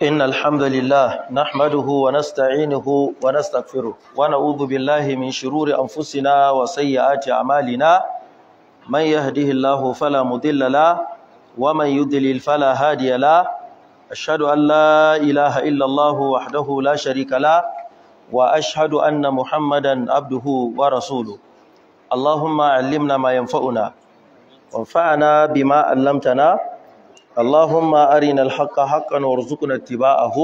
إن الحمد لله نحمده ونستعينه ونستغفره ونعوذ بالله من شرور أنفسنا وسيئات أعمالنا من يهده الله فلا مضل له ومن يضلل فلا هادي له أشهد أن لا إله إلا الله وحده لا شريك له وأشهد أن محمدا عبده ورسوله اللهم علمنا ما ينفعنا وانفعنا بما علمتنا اللهم أرنا الحق حقا وارزقنا اتباعه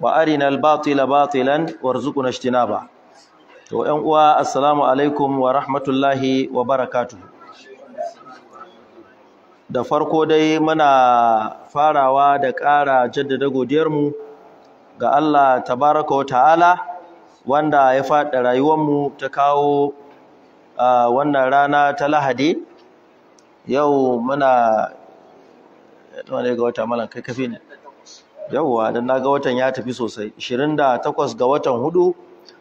وأرنا الباطل باطلا وارزقنا اجتنابه to 'yan uwa asalamu alaikum wa rahmatullahi wa barakatu. da farko dai muna farawa da ƙara jaddada godiyarmu ga Allah tabaraka wa ta'ala wanda ya faɗa rayuwarmu ta kawo wannan rana ta lahadi yau muna ne ga wata malam kai kafi ne yawwa dan ga watan ya tafi sosai 28 ga watan hudu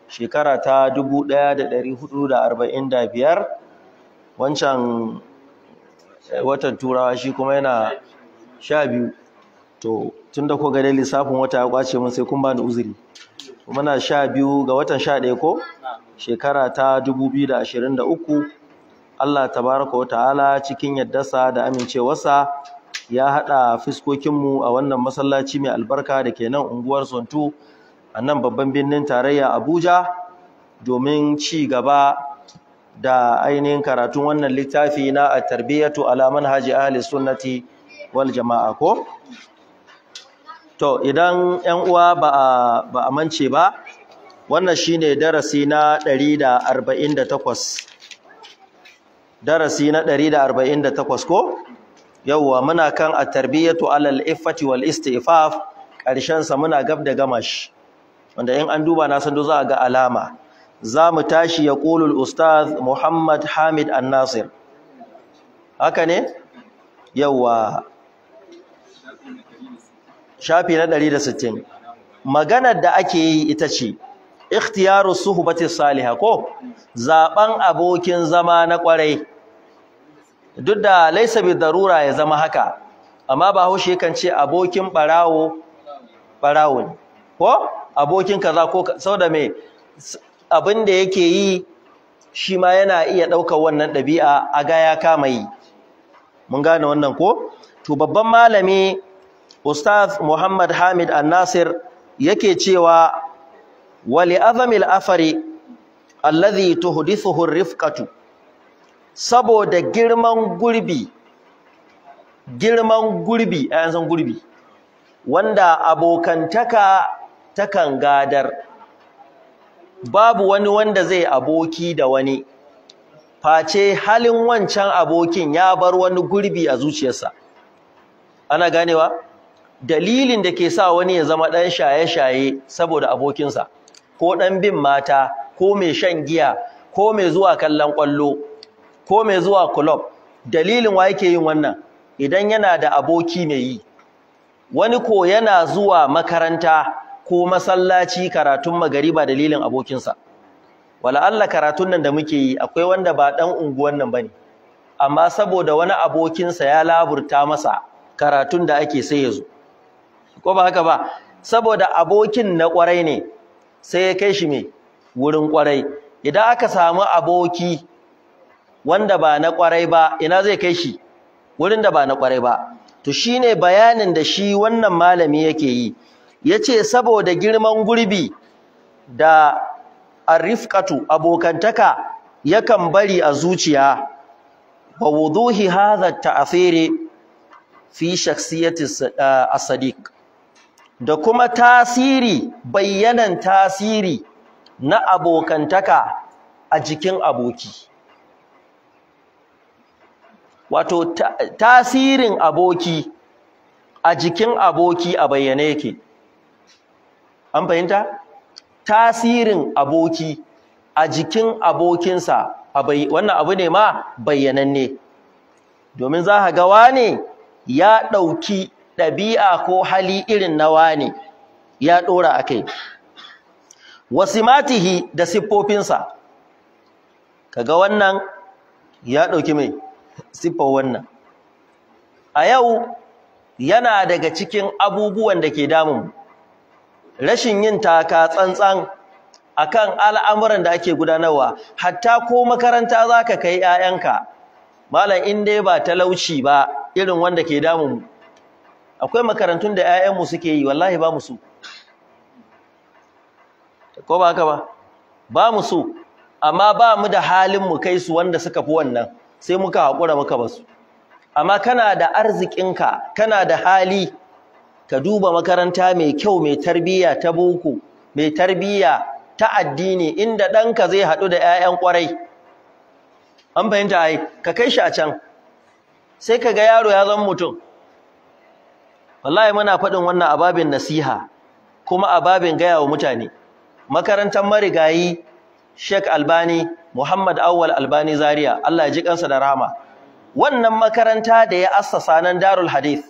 shekara ta 1445 wancan eh, watan turawa shi kuma yana 12 to tunda ko ga dai lissafin wata ya kwace mun sai kun ba ni uzuri Kuma muna 12 ga watan 11 ko shekara ta 2023 Allah tabaraka wa ta'ala cikin yaddarsa da amincewarsa ya haɗa mu a wannan masallaci mai albarka da ke nan unguwar zonto a nan babban birnin tarayya Abuja domin ci gaba da ainihin karatun wannan littafi na a tarbiyyatu ala manhaji ahli sunnati wal jama'a ko to idan 'yan uwa ba a mance ba wannan shine darasi na 148 darasi na 148 ko yawwa muna kan a tarbiyatu alal iffati wal istifaf karshen sa muna gab da shi wanda in an duba na san do za a ga alama za mu tashi ya qulul ustaz Muhammad Hamid An-Nasir haka ne yawwa shafi na 160 maganar da ake yi ita ce ikhtiyaru suhbati salihah ko zaban abokin zama na kwarai duk da laisa bi darura ya zama haka amma ba haushe kan ce abokin barawo barawo ne ko abokin kaza ko sauda me abin da yake yi shi ma yana iya ɗaukar wannan ɗabi'a a ga ya kama yi mun gane wannan ko to babban malami ustaz muhammad hamid an-nasir yake cewa wali azamil afari alladhi tuhdithuhu rifqatu saboda girman gurbi girman gurbi a yanzu gurbi wanda abokantaka takan gadar babu wani wanda zai aboki da wani face halin wancan abokin ya bar wani gurbi a zuciyarsa ana ganewa dalilin da ke sa wani ya zama ɗan shaye-shaye saboda abokinsa ko ɗan bin mata ko mai shan giya ko mai zuwa kallon kwallo ko mai zuwa club dalilin wa yake yin wannan idan yana da aboki mai yi wani ko yana zuwa makaranta ko masallaci karatun ba dalilin abokinsa wala Allah karatun nan da muke yi akwai wanda ba dan unguwan nan bane amma saboda wani abokinsa ya laburta masa karatun da ake sai ya zo ko ba haka ba saboda abokin na kwarai ne sai ya kai shi me wurin kwarai idan aka samu aboki wanda ba na kwarai ba ina zai kai shi wurin da ba na kwarai ba to shine bayanin da shi wannan malami yake yi yace saboda girman gurbi da arifqatu abokantaka yakan bari a zuciya wa wuduhi hadha ta'thiri fi shakhsiyati uh, as-sadiq da kuma tasiri bayanan tasiri na abokantaka a jikin aboki wato tasirin aboki a jikin aboki a bayyane yake an fahimta tasirin aboki a jikin abokinsa wannan abu ne ma bayyananne domin za ka ga wane ya ɗauki ɗabi'a ko hali irin na wane ya ɗora a kai wasimatihi da siffofinsa ga wannan ya ɗauki mai siffar wannan a yau yana daga cikin abubuwan da ke damun rashin yin taka tsantsan akan al'amuran da ake gudanarwa hatta ko makaranta zaka kai 'ya'yanka malam in dai ba talauci ba irin wanda ke damun akwai makarantun da 'ya'yanmu suke yi wallahi ba mu so ko ba haka ba ba mu amma ba mu da halin mu kai su wanda suka fi wannan sai muka haƙura muka basu amma kana da arzikinka kana da hali ka duba makaranta mai kyau mai tarbiyya ta boko mai tarbiyya ta addini inda ɗanka zai haɗu da 'ya'yan kwarai. an fahimta ai ka kai shi a can sai ka ga yaro ya zama mutum wallahi muna faɗin wannan ababin nasiha kuma ababin gaya wa mutane makarantar marigayi Sheikh Albani Muhammad Awwal Albani Zaria Allah ya ji kansa da rahama wannan makaranta da ya assasa nan Darul Hadith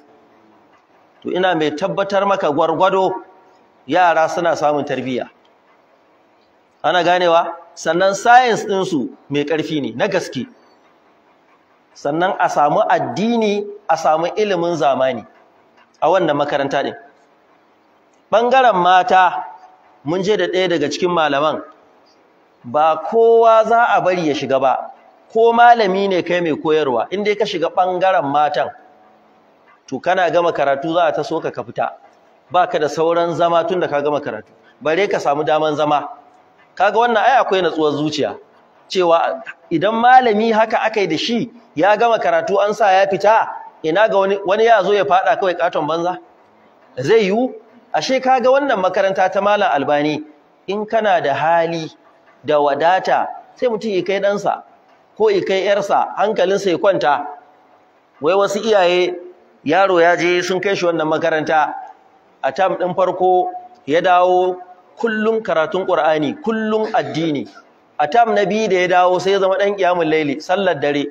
to ina mai tabbatar maka gwargwado yara suna samun tarbiyya ana ganewa sannan science din su mai karfi ne na gaske sannan a samu addini a samu ilimin zamani a wannan makaranta din bangaren mata mun je da ɗaya daga cikin malaman ba kowa za a bari ya shiga ba ko malami ne kai mai koyarwa in dai ka shiga bangaren matan to kana gama karatu za a ta ka fita baka da sauran zama tun ka gama karatu bare ka samu daman zama kaga wannan ai akwai natsuwar zuciya cewa idan malami haka akai da shi ya gama karatu an sa ya fita ina ga wani wani ya zo ya fada kawai katon banza zai yiwu ashe kaga wannan makaranta ta malam albani in kana da hali da wadata sai mutum ya kai ɗansa ko ya kai ‘yarsa hankalinsa ya kwanta wai wasu iyaye yaro ya je sun kai shi wannan makaranta a tam ɗin farko ya dawo kullum karatun ƙur'ani kullum addini a tam na biyu da ya dawo sai ya zama ɗan ƙyamun laili sallar dare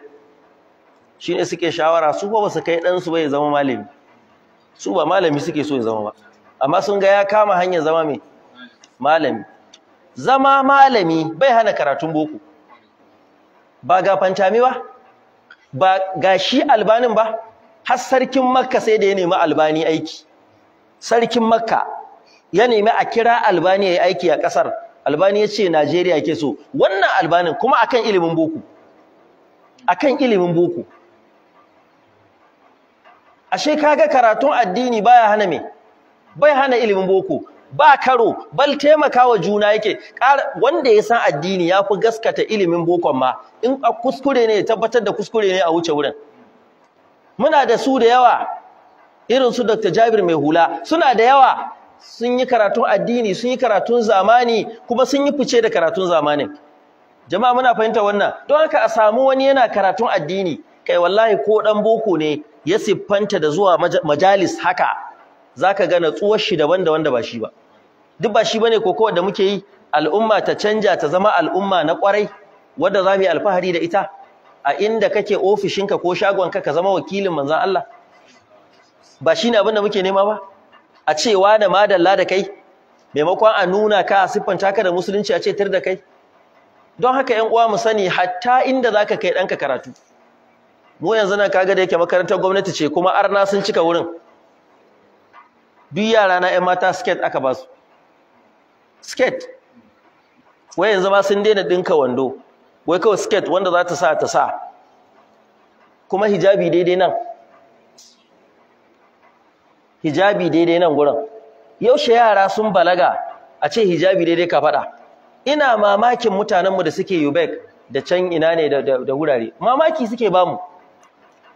shi ne suke shawara su ba su kai ɗansu ba ya zama malami su ba malami suke so ya zama ba amma sun ga ya kama hanyar zama mai malami zama malami bai hana karatun boko ba ga fantami ba ba ga shi albanin ba har sarkin makka sai da ya nemi albani aiki sarkin makka ya nemi a kira albani ya yi aiki a ƙasar albani ya ce najeriya ke so wannan albanin kuma akan ilimin boko akan ilimin boko ashe kaga karatun addini baya hana me bai hana ilimin boko ba karo bal taimakawa juna yake wanda ya san addini ya fi gaskata ilimin bokon ma in kuskure ne tabbatar da kuskure ne a wuce wurin muna da su da yawa irin su Dr. Jabir mai hula suna da yawa sun yi karatun addini sun yi karatun zamani kuma sun yi fice da karatun zamani. jama'a muna fahimta wannan don haka a samu wani yana karatun addini kai wallahi ko dan boko ne ya siffanta da zuwa majalis haka zaka ga natsuwar shi daban da wanda ba shi ba duk ba shi bane kowa da muke yi al'umma ta canja ta zama al'umma na kwarai wanda zamu yi alfahari da ita a inda kake ofishinka ko shagon ka ka zama wakilin manzon Allah ba shi abin da muke nema ba a cewa da madalla da kai maimakon a nuna ka a siffanta ka da musulunci a ce tir da kai don haka ƴan uwa mu sani hatta inda zaka kai ɗanka karatu mu yanzu nan kaga da yake makarantar gwamnati ce kuma arna sun cika wurin duk yara na 'yan mata skate aka ba su skate wai yanzu ma sun daina dinka wando wai kawai skate wanda za ta sa ta sa kuma hijabi daidai nan hijabi daidai nan gurin yaushe yara sun balaga a ce hijabi daidai ka faɗa ina mamakin mutanenmu da suke yubek da can ina ne da wurare mamaki suke bamu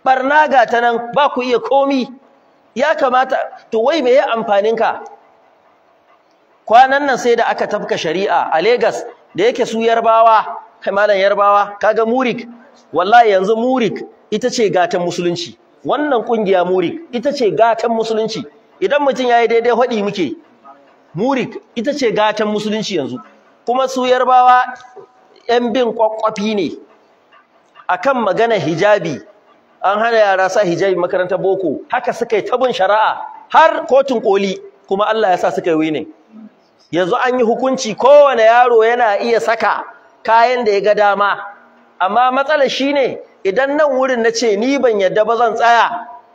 barna ga ta nan ba ku iya komi ya kamata to wai me ya amfanin ka kwanan nan sai da aka tafka shari'a a Lagos da yake su Yarbawa kai malam Yarbawa kaga Murik wallahi yanzu Murik ita ce gatan musulunci wannan kungiya Murik ita ce gatan musulunci idan mutum yayi daidai hadi muke Murik ita ce gatan musulunci yanzu kuma su Yarbawa yan bin kwakwafi ne akan magana hijabi an hana yara sa hijabi makaranta boko haka suka yi tabin shari'a har kotun koli kuma Allah ya sa suka yi winning yanzu an yi hukunci kowane yaro yana iya saka kayan da ya ga dama amma matsalar shine idan nan wurin na ce ni ban yadda ba zan tsaya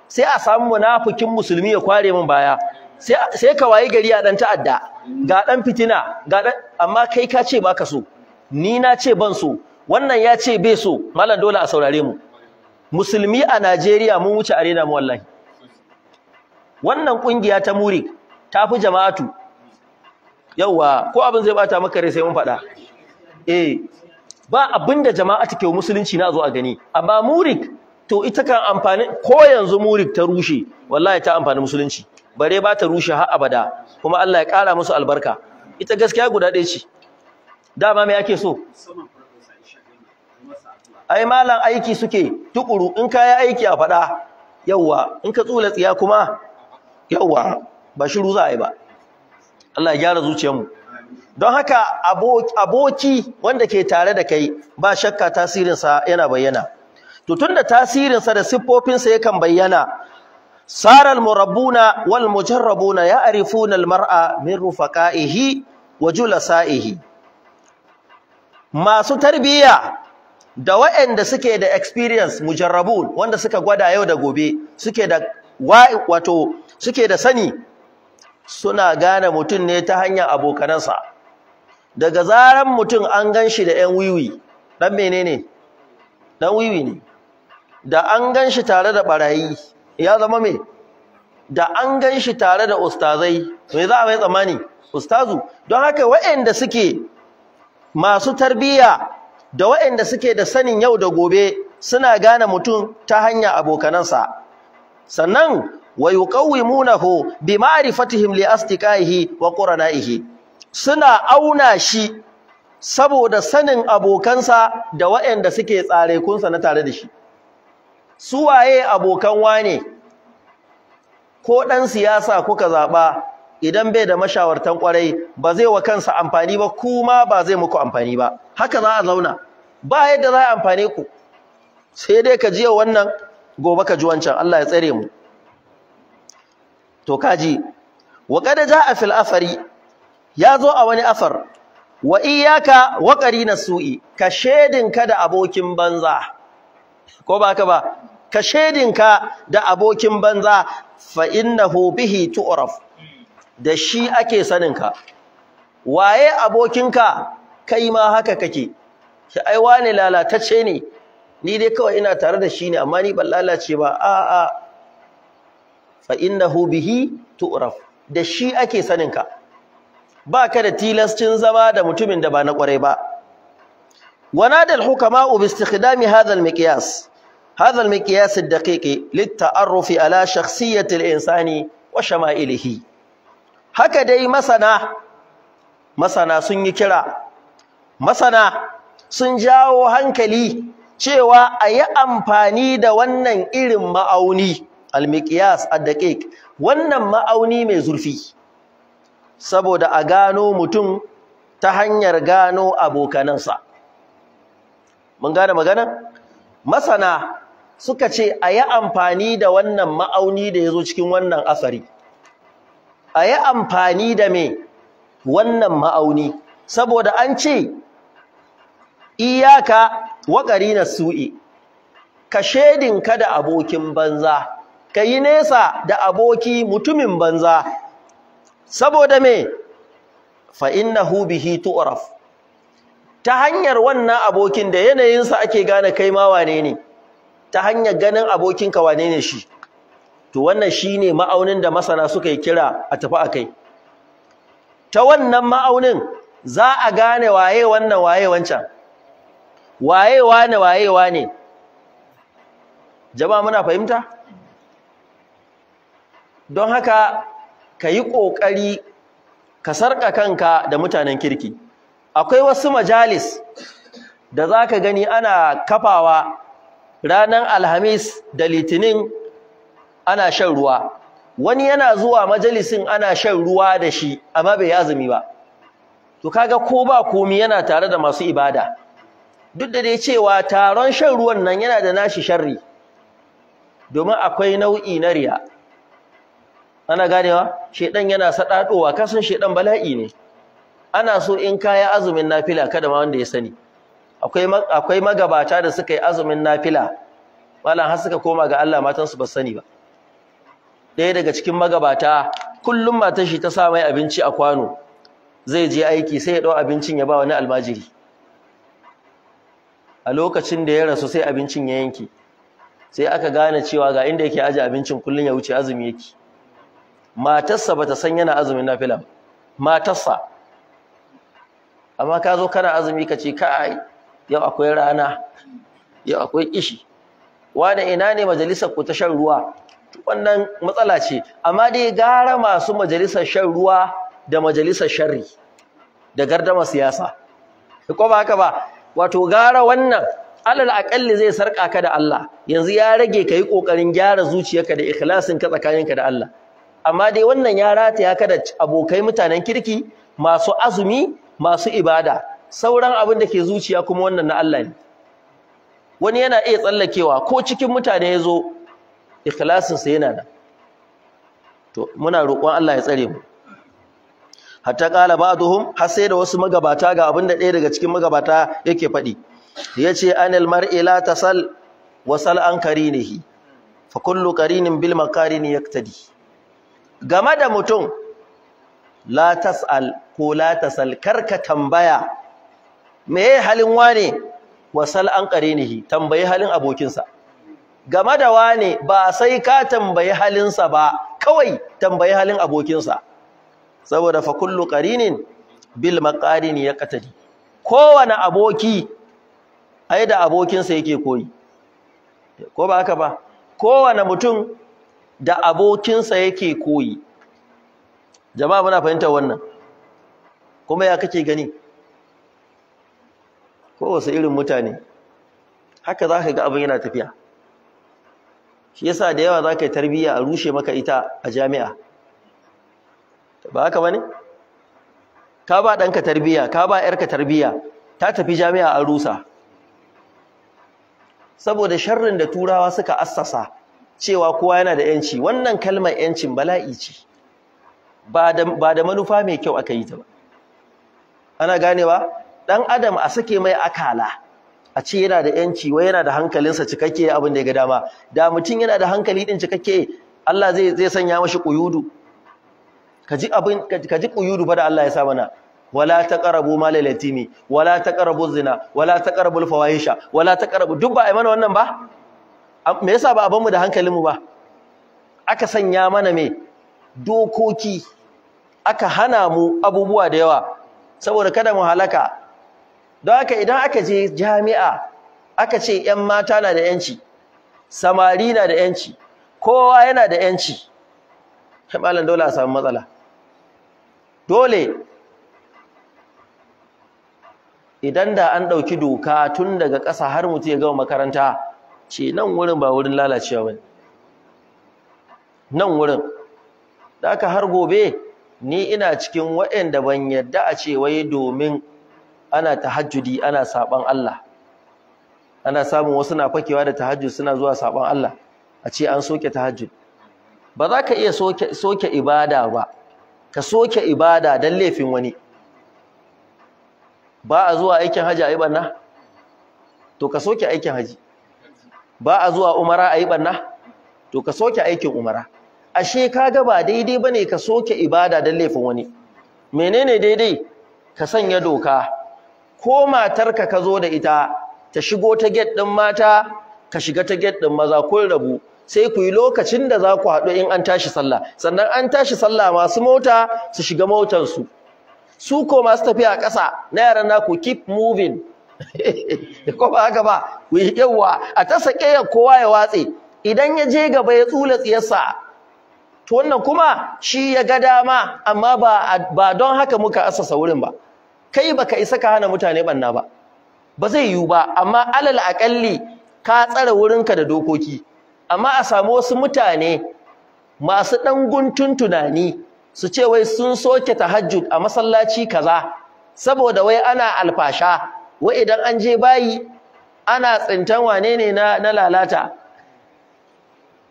sai a samu munafikin musulmi ya kware min baya sai sai ka wayi gari a dan ta'adda ga dan fitina ga dan amma kai ka ce baka so ni na ce ban so wannan ya ce bai so malam dole a saurare mu musulmi a Najeriya mun wuce arena mu wallahi wannan kungiya ta muri ta fi jama'atu yawa ko abin zai bata maka rai sai mun faɗa eh ba abinda jama'atu ke musulunci na zo a gani amma murik to ita kan amfani ko yanzu murik ta rushe wallahi ta amfani musulunci bare ba ta rushe har abada kuma Allah ya kara musu albarka ita gaskiya guda ɗaya ce dama me yake so ai malam aiki suke tukuru in ka yi aiki a faɗa yawwa in ka tsula tsiya kuma yawwa ba shiru za a yi ba Allah ya gyara zuciyarmu don haka aboki wanda ke tare da kai ba shakka tasirinsa yana bayyana to tunda tasirinsa da siffofinsa yakan bayyana saral murabuna wal mujarrabuna ya'rifuna al mar'a min rufaqaihi wa julasa'ihi masu tarbiyya da waɗanda suke da experience mujarrabun wanda suka gwada yau da gobe suke da wato suke da sani suna gane mutum ne ta hanyar abokanansa daga zaran mutum an gan shi da 'yan wiwi ɗan menene ɗan wiwi ne da an gan shi tare da ɓarayi ya zama me da an gan shi tare da ustazai me za a mai tsammani ustazu don haka waɗanda suke masu tarbiyya da waɗanda suke da sanin yau da gobe suna gane mutum ta hanya abokanansa sannan wa yuqawwimunahu bi ma'rifatihim li asdiqaihi wa quranaihi suna auna shi saboda sanin abokansa da waɗanda suke tsare kunsa na tare da shi su waye abokan wane ko ɗan siyasa kuka zaɓa idan bai da mashawartan kwarai ba zai wa kansa amfani ba kuma ba zai muku amfani ba haka za a zauna ba yadda za a amfane ku sai dai ka jiya wannan gobe ka ji wancan Allah ya tsare mu to kaji wa qad jaa fil afari ya zo a wani afar wa iyyaka wa qarina su'i ka ka da abokin banza ko ba ka ba ka ka da abokin banza fa innahu bihi tu'raf da shi ake sanin ka waye abokinka kai ma haka kake shi ai wane lalatacce ne ni dai kawai ina tare da shi ne amma ni ban lalace ba A'a, fa innahu bihi tu'raf da shi ake saninka ba baka da tilascin zama da mutumin da ba na kwarai ba wana da hukama bi istikhdami hadha al-miqyas hadha al-miqyas ad-daqiq lit-ta'arruf ala shakhsiyyati al-insani wa shama'ilihi haka dai masana masana sun yi kira masana sun jawo hankali cewa a yi amfani da wannan irin ma'auni almiqyas addaqiq wannan ma'auni mai zurfi saboda a gano mutum ta hanyar gano abokanansa mun gane magana masana suka ce a yi amfani da wannan ma'auni da ya zo cikin wannan asari a yi amfani da mai wannan ma'auni saboda an ce iyaka wa qarina su'i ka shedinka da abokin banza Ka yi nesa da aboki mutumin banza saboda me fa innahu bihi tu'raf ta hanyar wannan abokin da yanayinsa ake gane kai ma wane ne ta hanyar ganin abokinka wane ne shi to wannan shi ne ma'aunin da masana suka yi kira a tafi a kai. ta wannan ma'aunin za a gane waye wannan waye wancan waye wane waye wane jama'a muna fahimta don haka ka yi ƙoƙari ka sarƙa kanka da mutanen kirki akwai wasu majalis da za ka gani ana kafawa ranar alhamis da litinin ana shan ruwa wani yana zuwa majalisin ana shan ruwa da shi amma bai azumi ba to kaga ko ba komi yana tare da masu ibada duk da dai cewa taron shan ruwan nan yana da nashi sharri domin akwai nau'i na riya ana ganewa shedan yana sadadowa kasan shedan bala'i ne ana so in kaya azumin nafila kada ma wanda ya sani akwai akwai magabata da suka yi azumin nafila wallan har suka koma ga Allah matan su ba sani ba ɗaya daga cikin magabata kullum matar shi ta sa mai abinci a kwano zai je aiki sai ya dau abincin ya ba wani almajiri a lokacin da ya rasu sai abincin ya yanke sai aka gane cewa ga inda yake aje abincin kullun ya wuce azumi yake matarsa bata san yana azumin nafila matarsa amma ka zo kana azumi ka ce kai yau akwai rana yau akwai kishi wani ina ne majalisar ku ta shan ruwa wannan matsala ce amma dai gara masu majalisar shan ruwa da majalisar sharri da gardama siyasa ko ba haka ba wato gara wannan alal aƙalli zai sarƙa ka da Allah yanzu ya rage ka yi ƙoƙarin gyara zuciyarka da ikhlasin ka tsakaninka da Allah amma dai wannan ya rataya ka da abokai mutanen kirki masu azumi masu ibada sauran abin da ke zuciya kuma wannan na Allah ne wani yana iya tsallakewa ko cikin mutane ya zo ikhlasinsa yana da to muna roƙon Allah ya tsare mu hatta qala ba'duhum har sai da wasu magabata ga abin da ɗaya daga cikin magabata yake faɗi yace anil mar'i la tasal wa an karinihi fa kullu karinin bil makarini yaktadi game da mutum la tasal ko la tasal karka tambaya meye halin wane wa sal an karinihi tambayi halin abokinsa game da wane ba sai ka tambayi halinsa ba kawai tambayi halin abokinsa saboda fa kullu qarinin bil maqarin yaqtadi kowane aboki ai da abokinsa yake koyi ko ba haka ba kowane mutum da abokinsa yake koyi jama'a muna fahimtar wannan kuma ya kake gani ko wasu irin mutane haka zaka ga abin yana tafiya shi yasa da yawa za ka yi tarbiyya a rushe maka ita a jami'a ba haka bane ka ba ɗanka tarbiya ka ba yarka tarbiya ta tafi jami'a an rusa saboda sharrin da turawa suka assasa cewa kowa yana da yanci wannan kalmar yancin bala'i ce ba da manufa mai kyau aka yi ta ba ana ganewa ɗan adam a sake mai akala a ce yana da yanci wai yana da hankalinsa cikakke abin da ya ga dama da mutum yana da hankali ɗin cikakke Allah zai sanya mashi Kuyudu. kaji abin kaji kuyuru ba da Allah ya sa mana wala taqrabu mal al-yatimi wala taqrabu zina wala taqrabu al-fawahisha wala taqrabu duk ba ai mana wannan ba me yasa ba mu da hankalinmu ba aka sanya mana me dokoki aka hana mu abubuwa da yawa saboda kada mu halaka don haka idan aka je jami'a aka ce ‘yan mata na da ‘yanci, samari na da ‘yanci, kowa yana da ‘yanci, malam dole a samu matsala. dole idan da an ɗauki doka tun daga ƙasa har mutu ya gama makaranta ce nan wurin ba wurin lalacewa ba nan wurin da aka har gobe ni ina cikin waɗanda ban yadda a ce wai domin ana tahajjudi ana saban Allah ana samun wasu na fakewa da tahajjud suna zuwa saban Allah a ce an soke tahajjud ba za ka iya soke ibada ba ka soke ibada don laifin wani ba a zuwa aikin haji a yi banna, to ka soke aikin haji ba a zuwa umara a yi banna, to ka soke aikin umara ashe ga ba daidai bane ka soke ibada don laifin wani menene daidai ka sanya doka ko matarka ka zo da ita ta shigo ta gate din mata ka shiga ta gate din maza ko rabu sai ku yi lokacin da za ku haɗu in an tashi sallah sannan an tashi sallah masu mota su shiga motansu su ko masu tafiya ƙasa na yaran naku keep moving ko ba haka ba ku yi yawa a ta sake ya kowa ya watse idan ya je gaba ya tsula tsiyarsa to wannan kuma shi ya ga dama amma ba ba don haka muka asasa wurin ba kai baka isa ka hana mutane banna ba ba zai yiwu ba amma alal aƙalli ka tsare wurinka da dokoki amma a samu wasu mutane masu ɗan guntun tunani su ce wai sun soke tahajjud a masallaci kaza saboda wai ana alfasha wai idan an je bayi ana tsintan wane ne na, lalata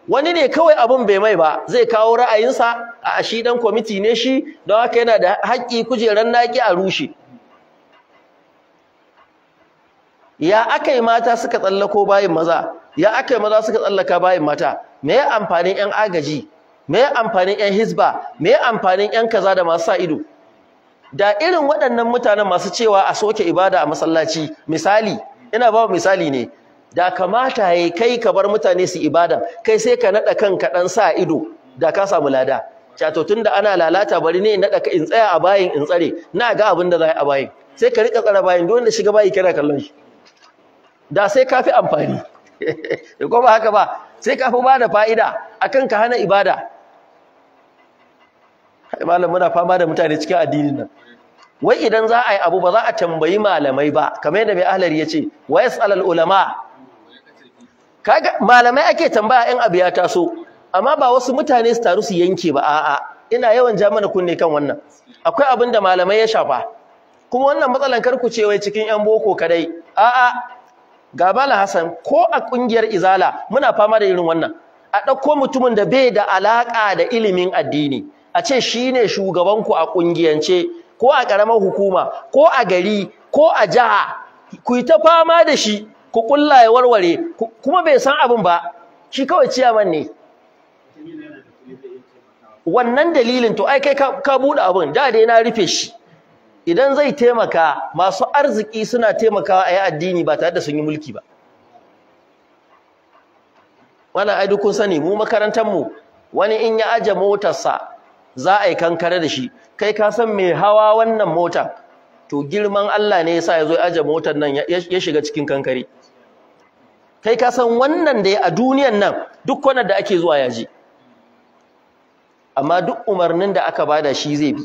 wani ne kawai abin bai mai ba zai kawo ra'ayinsa a shi dan kwamiti ne shi don haka yana da haƙƙi kujerar naƙi a rushe ya aka yi mata suka tsallako bayin maza ya yi maza suka tsallaka bayin mata me ya amfanin yan agaji me ya amfanin yan hisba me ya amfanin yan kaza da masu sa ido da irin waɗannan mutanen masu cewa a soke ibada a masallaci misali ina ba misali ne da kamata yayi kai ka bar mutane su ibada kai sai ka nada kanka dan sa ido da ka samu lada cato tunda ana lalata bari ne in nada in tsaya a bayin in tsare na ga abin da za a bayin sai ka rika tsara bayin don da shiga bayi kana kallon shi da sai ka fi amfani ko ba haka ba sai ka fi ba da fa'ida akan ka hana ibada malam muna fama da mutane cikin addinin nan wai idan za a yi abu ba za a tambayi malamai ba kamar yadda mai ahlari ya ce wa yas'alal ulama kaga malamai ake tambaya in abu ya taso amma ba wasu mutane su taru su yanke ba a'a ina yawan ja mana kunne kan wannan akwai abin da malamai ya shafa kuma wannan matsalan karku ce wai cikin yan boko kadai a'a ga Malam Hassan ko a kungiyar Izala muna fama da irin wannan a ɗauko mutumin da bai da alaƙa da ilimin addini a ce shine ku a kungiyance ko a karamar hukuma ko a gari ko a jiha ku yi ta fama da shi ku kulla ya warware kuma bai san abin ba shi kawai ciyaman ne wannan dalilin to ai kai ka buɗe abin da dai na rufe shi idan zai taimaka masu arziki suna taimakawa a yi addini ba tare da sun yi mulki ba Wani aidukun kun sani mu makarantarmu wani in ya aje motarsa za a yi kankare da shi kai ka san mai hawa wannan mota to girman Allah ne yasa ya zo aje motar nan ya shiga cikin kankare kai ka san wannan da ya a duniyan nan duk wannan da ake zuwa yaji amma duk umarnin da aka bada shi zai bi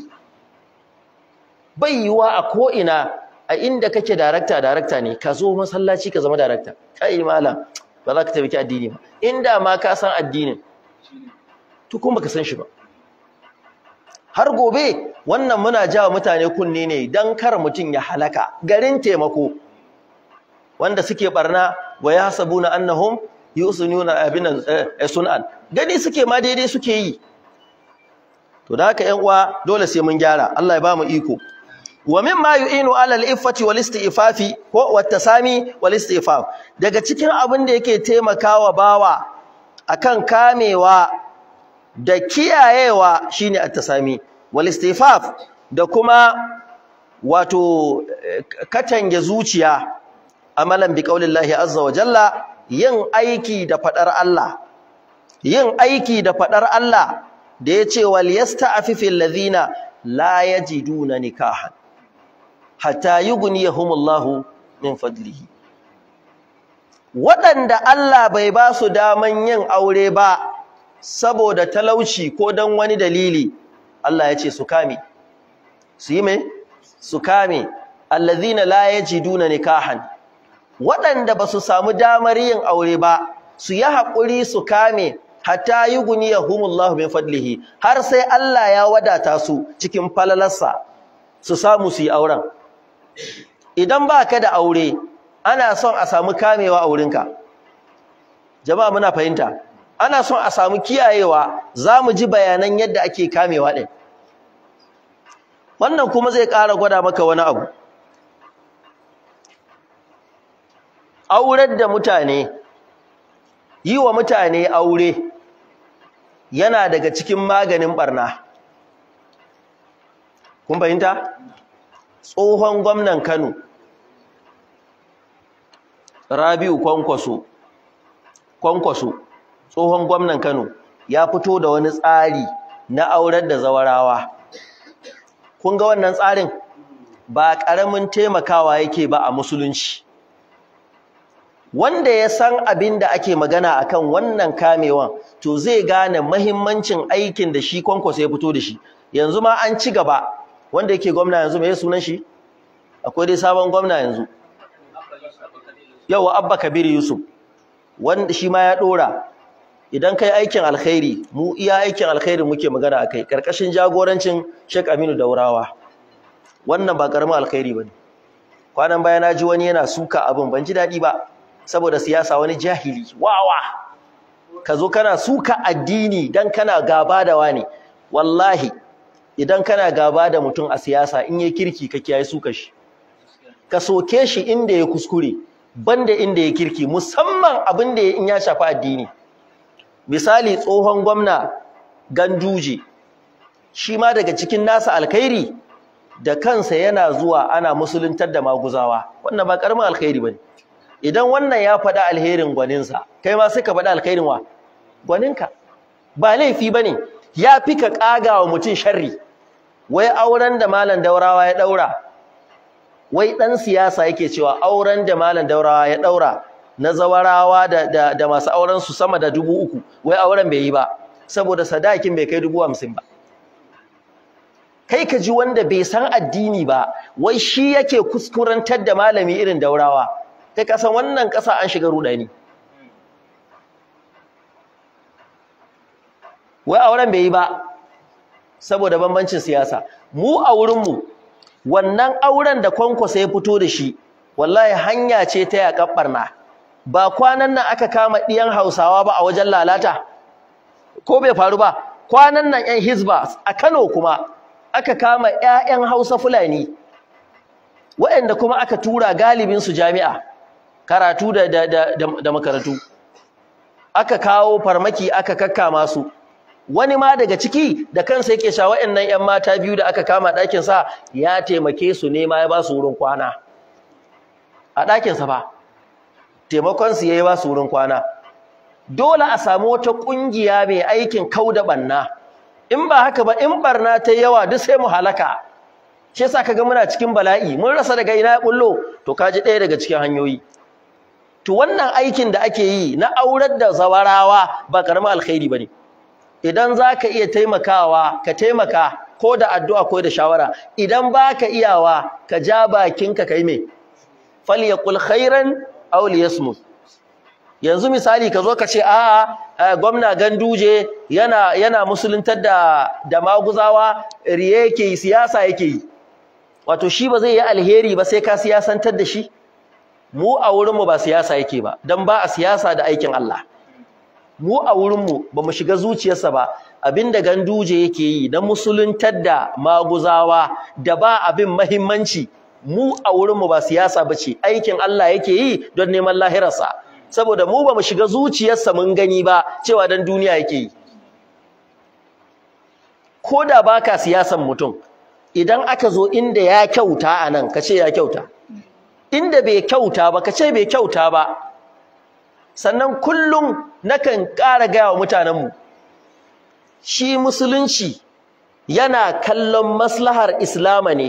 bai yiwa a ko ina a inda kake darakta darakta ne ka zo masallaci ka zama darakta kai malam ba za ka taimaki addini ba inda ma ka san addinin to kuma baka san shi ba har gobe wannan muna jawa mutane kunne ne dan kar mutum ya halaka garin taimako wanda suke barna wa yasabuna annahum yusununa abinan eh, sunan gani suke ma daidai suke yi to da haka ƴan uwa dole sai mun gyara Allah ya ba mu iko wa mimma yu'inu ala al-iffati wal isti'fafi ko wat tasami wal isti'faf daga cikin abin da yake taimakawa bawa akan kamewa da kiyayewa shine at-tasami wal isti'faf da kuma wato eh, katange zuciya amalan bi qaulillahi azza wa jalla yin aiki da fadar Allah yin aiki da fadar Allah da yace wal yasta'fifil ladhina la yajiduna nikahan hatta yughniyahumullahu min fadlihi waɗanda Allah bai ba su daman yin aure ba saboda talauci ko don wani dalili Allah ya ce su kame su yi mai su kame allazina la yajiduna nikahan waɗanda ba su samu damar yin aure ba su yi haƙuri su kame hatta yughniyahumullahu min fadlihi har sai Allah ya wadata su cikin falalarsa su samu su yi auren idan ba ka da aure ana son a samu kamewa a wurinka jama'a muna fahimta ana son a samu kiyayewa za mu ji bayanan yadda ake kamewa ɗin wannan kuma zai ƙara gwada maka wani abu aurar da mutane yi wa mutane aure yana daga cikin maganin barna kun fahimta tsohon gwamnan Kano Rabiu Kwankwaso Kwankwaso tsohon gwamnan Kano ya fito da wani tsari na aurar da zawarawa kun ga wannan tsarin ba ƙaramin taimakawa yake ba a musulunci wanda ya san abin da ake magana akan wannan kamewan to zai gane mahimmancin aikin da shi kwankwaso ya fito da shi yanzu ma an ci gaba wanda yake gwamna yanzu me sunan shi akwai dai sabon gwamna yanzu yawa abba kabir yusuf wanda shi ma ya dora idan kai aikin alkhairi mu iya aikin alkhairi muke magana akai karkashin jagorancin Sheikh Aminu Daurawa wannan ba karamin alkhairi bane kwanan baya naji wani yana suka abin ban ji dadi ba saboda siyasa wani jahili wawa kazo kana suka addini dan kana gaba da wani wallahi idan kana gaba da mutum a siyasa in yi kirki ka kiyaye suka shi ka soke shi inda ya kuskure banda inda ya kirki musamman abin da in ya shafi addini misali tsohon gwamna ganduje shi ma daga cikin nasa alkhairi da kansa yana zuwa ana musuluntar da maguzawa wannan ba karamin alkhairi bane idan wannan ya faɗa alherin gwaninsa kai ma sai ka faɗa alkhairin wa gwaninka ba laifi bane ya fi ka ƙaga wa mutum sharri wai auren da malam daurawa ya ɗaura wai ɗan siyasa yake cewa auren da malam daurawa ya ɗaura na zawarawa da, masu auren su sama da dubu uku wai auren bai yi ba saboda sadakin bai kai dubu hamsin ba kai ka ji wanda bai san addini ba wai shi yake kuskurantar da malami irin daurawa kai ka wannan ƙasa an shiga ruɗani wai auren bai yi ba saboda bambancin siyasa mu a wurinmu wannan auren da kwankwasa ya fito da shi wallahi hanya ce ta yaƙar na. ba kwanan nan aka kama ɗiyan hausawa ba a wajen lalata ko bai faru ba kwanan nan 'yan hizba a kano kuma aka kama 'ya'yan hausa fulani waɗanda kuma aka tura galibinsu jami'a karatu da, da, aka kawo farmaki aka kakkama su wani ma daga ciki da kansa yake sha waɗannan ƴan mata biyu da aka kama ɗakin sa ya taimake su ne ma ya ba su wurin kwana a ɗakin sa ba taimakon su yayi ba su wurin kwana dole a samu wata kungiya mai aikin kauda banna in ba haka ba in barna ta yawa duk sai mu halaka shi yasa kaga muna cikin bala'i mun rasa daga ina ya bullo to kaji ɗaya daga cikin hanyoyi to wannan aikin da ake yi na aurar da zawarawa ba karamar alkhairi bane idan za ka iya taimakawa ka taimaka ko da addu'a ko da shawara idan ba ka iyawa ka ja bakin ka yi mai falyakul khairan aw liyasmut yanzu misali ka zo ka ce a'a gwamna ganduje yana yana musuluntar da da maguzawa riye yake yi siyasa yake yi wato shi ba zai yi alheri ba sai ka siyasantar da shi mu a wurinmu ba siyasa yake ba dan ba a siyasa da aikin Allah mu a wurinmu ba mu shiga zuciyarsa ba abin da ganduje yake yi na musuluntar da maguzawa da ba abin mahimmanci mu a wurinmu ba siyasa ba ce aikin Allah yake yi don neman lahirarsa saboda mu ba mu shiga zuciyarsa mun gani ba cewa don duniya yake yi ko da ba ka siyasan mutum idan aka zo inda ya kyauta anan nan ya kyauta inda bai kyauta ba ka ce bai kyauta ba sannan kullum nakan ƙara gaya wa mutanenmu shi musulunci yana kallon maslahar islama ne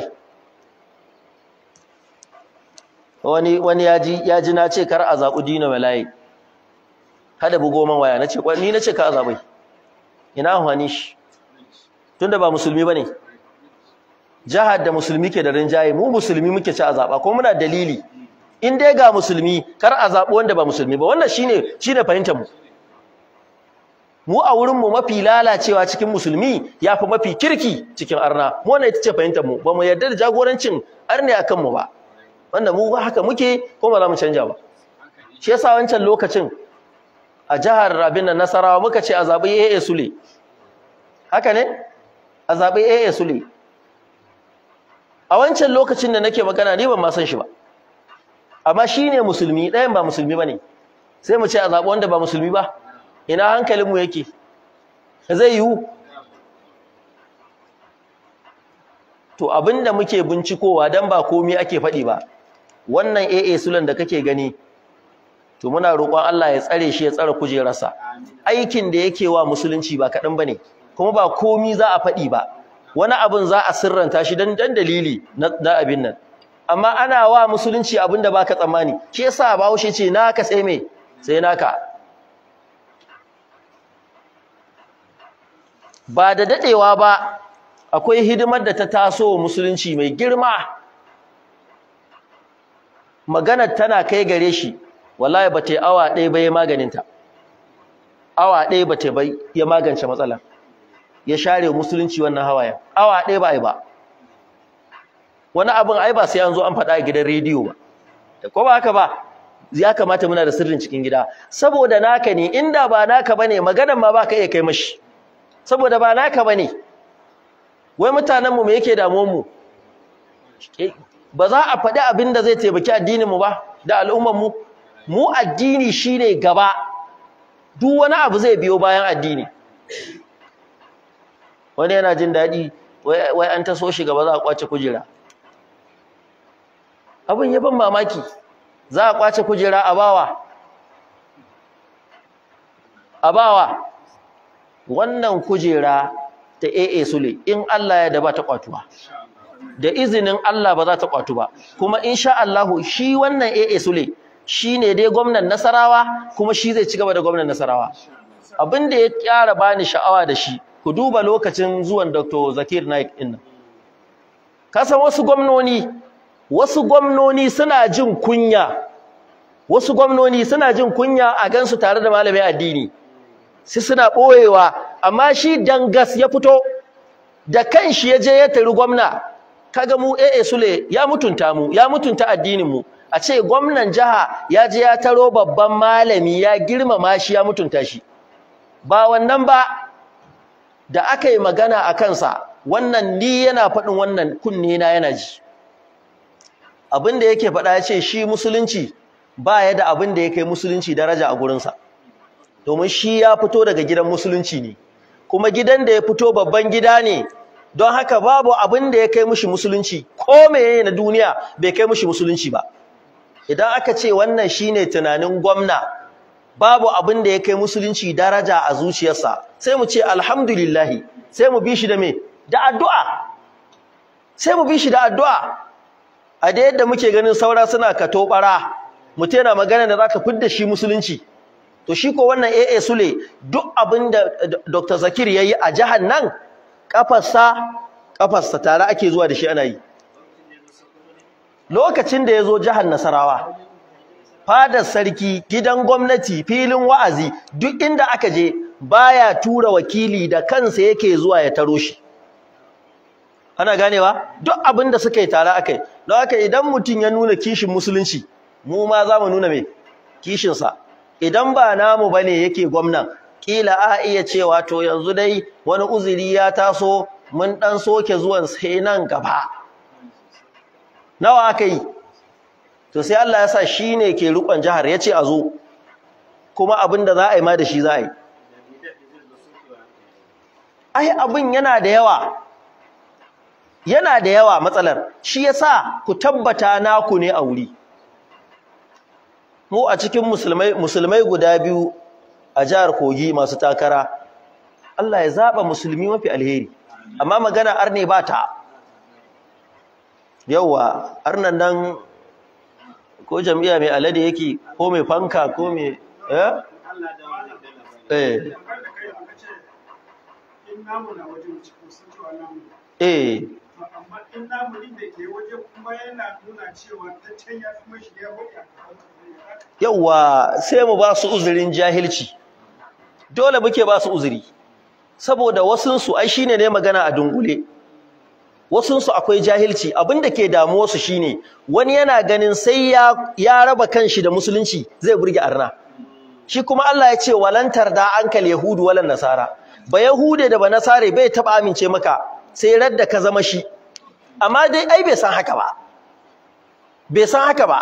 wani wani ya ji na ce kar a zaɓi dina malaye hada bugo man waya na ce ni na ce ka a zaɓi ina hannun shi tunda ba musulmi ba ne jihar da musulmi ke da rinjaye mu musulmi muke ci a zaɓa ko muna dalili in dai ga musulmi kar a zaɓi wanda ba musulmi ba wannan shine shine fahimtar mu mu a wurin mu mafi lalacewa cikin musulmi yafi mafi kirki cikin arna mu wannan ita ce fahimtar mu ba mu yarda da jagorancin arne akan mu ba wanda mu haka muke ko ba za mu canja ba shi yasa wancan lokacin a jihar Rabin na Nasarawa muka ce a zaɓi AA Sule haka ne a zaɓi AA Sule a wancan lokacin da nake magana ni ban ma san shi ba amma ne musulmi ɗayan ba musulmi bane sai mu ce a zaɓi wanda ba musulmi ba ina hankalinmu yake zai yiwu to abinda muke bincikowa dan ba komai ake faɗi ba wannan AA sulan da kake gani to muna roƙon Allah ya tsare shi ya tsare kujerarsa aikin da yake wa musulunci ba kaɗan bane kuma ba komai za a faɗi ba wani abin za a sirranta shi dan dalili na abin nan amma ana wa musulunci abinda baka tsammani shi yasa Bahaushe ce naka sai me sai naka ba da dadewa ba akwai hidimar da ta taso musulunci mai girma maganar tana kai gare shi wallahi ba ta awa ɗaya ba ya maganinta awa ɗaya ba ta bai ya magance matsalar ya share musulunci wannan hawayen awa ɗaya ba ai ba wani abin ai ba sai an zo an faɗa a gidan rediyo ba da ko ba haka ba ya kamata muna da sirrin cikin gida saboda naka ne inda ba naka bane maganar ma baka iya kai mashi saboda ba naka bane wai mutanen mu me yake damuwar mu ba za a faɗi abin da zai taimaki addinin mu ba da al'ummar mu mu addini shine gaba duk wani abu zai biyo bayan addini wani yana jin daɗi wai an taso shi gaba za a kwace kujera abin ya ban mamaki za a kwace kujera a bawa a bawa wannan kujera ta AA Sule in Allah ya daba ta kwatuwa da izinin Allah ba za ta kwatu ba kuma insha Allah shi wannan AA Sule ne dai gwamnan Nasarawa kuma shi zai ci gaba da gwamnan Nasarawa abin da ya kyara bani sha'awa da shi ku duba lokacin zuwan Dr. Zakir Naik din Ka san wasu gwamnoni wasu gwamnoni suna jin kunya wasu gwamnoni suna jin kunya a gansu tare da malamai addini sai suna ɓoyewa amma shi dangas ya fito da kanshi ya je ya tari gwamna kaga mu AA Sule ya mutunta mu ya mutunta addinin mu a ce gwamnan jiha ya je ya taro babban malami ya girmama shi ya mutunta shi ba wannan ba da aka yi magana a kansa wannan ni yana faɗin wannan kunne na yana ji abin da yake faɗa ya ce shi musulunci ba ya da abin da ya kai musulunci daraja a gurinsa domin shi ya fito daga gidan musulunci ne kuma gidan da ya fito babban gida ne don haka babu abin da ya kai mushi musulunci ko meye na duniya bai kai mushi musulunci ba idan aka ce wannan shine tunanin gwamna babu abin da ya kai musulunci daraja a zuciyarsa sai mu ce alhamdulillah sai mu bi shi da me sai mu bi shi da addu'a a da yadda muke ganin saura suna kato bara mu yana magana da zaka fidda shi musulunci to shi ko wannan AA Sule duk abin da Dr. Zakir yayi a jihar nan kafarsa kafarsa tare ake zuwa da shi ana yi lokacin da yazo jihar Nasarawa fadar sarki gidan gwamnati filin wa'azi duk inda aka je baya tura wakili da kansa yake zuwa ya taro shi ana ganewa duk abin da suka yi tare akai don haka idan mutum ya nuna kishin musulunci mu ma za mu nuna mai kishinsa idan ba namu ba bane yake gwamnan ƙila a iya cewa to yanzu dai wani uzuri ya taso mun ɗan soke zuwan sai nan gaba nawa aka yi to sai Allah ya sa ne ke rikon jihar yace a zo kuma abin da za a yi ma da shi za a yi ai abin yana da yawa yana da yawa matsalar shi yasa ku tabbata naku ne a wuri mu a cikin musulmai musulmai guda biyu a jihar Kogi masu takara Allah ya zaba musulmi mafi alheri amma magana arne ba ta yawa arnan nan ko jami'a mai alade yake ko mai fanka ko mai eh eh eh bakin sai mu ba su uzurin jahilci dole muke ba su uzuri saboda wasunsu ai shine ne magana a dungule wasunsu akwai jahilci da ke damuwa su shine wani yana ganin sai ya ya raba kanshi da musulunci zai burge arna shi kuma Allah ya ce walantar da ankal yahudu walan nasara ba yahude da ba nasare bai taɓa amince maka sai radda ka zama shi amma dai ai bai san haka ba bai san haka ba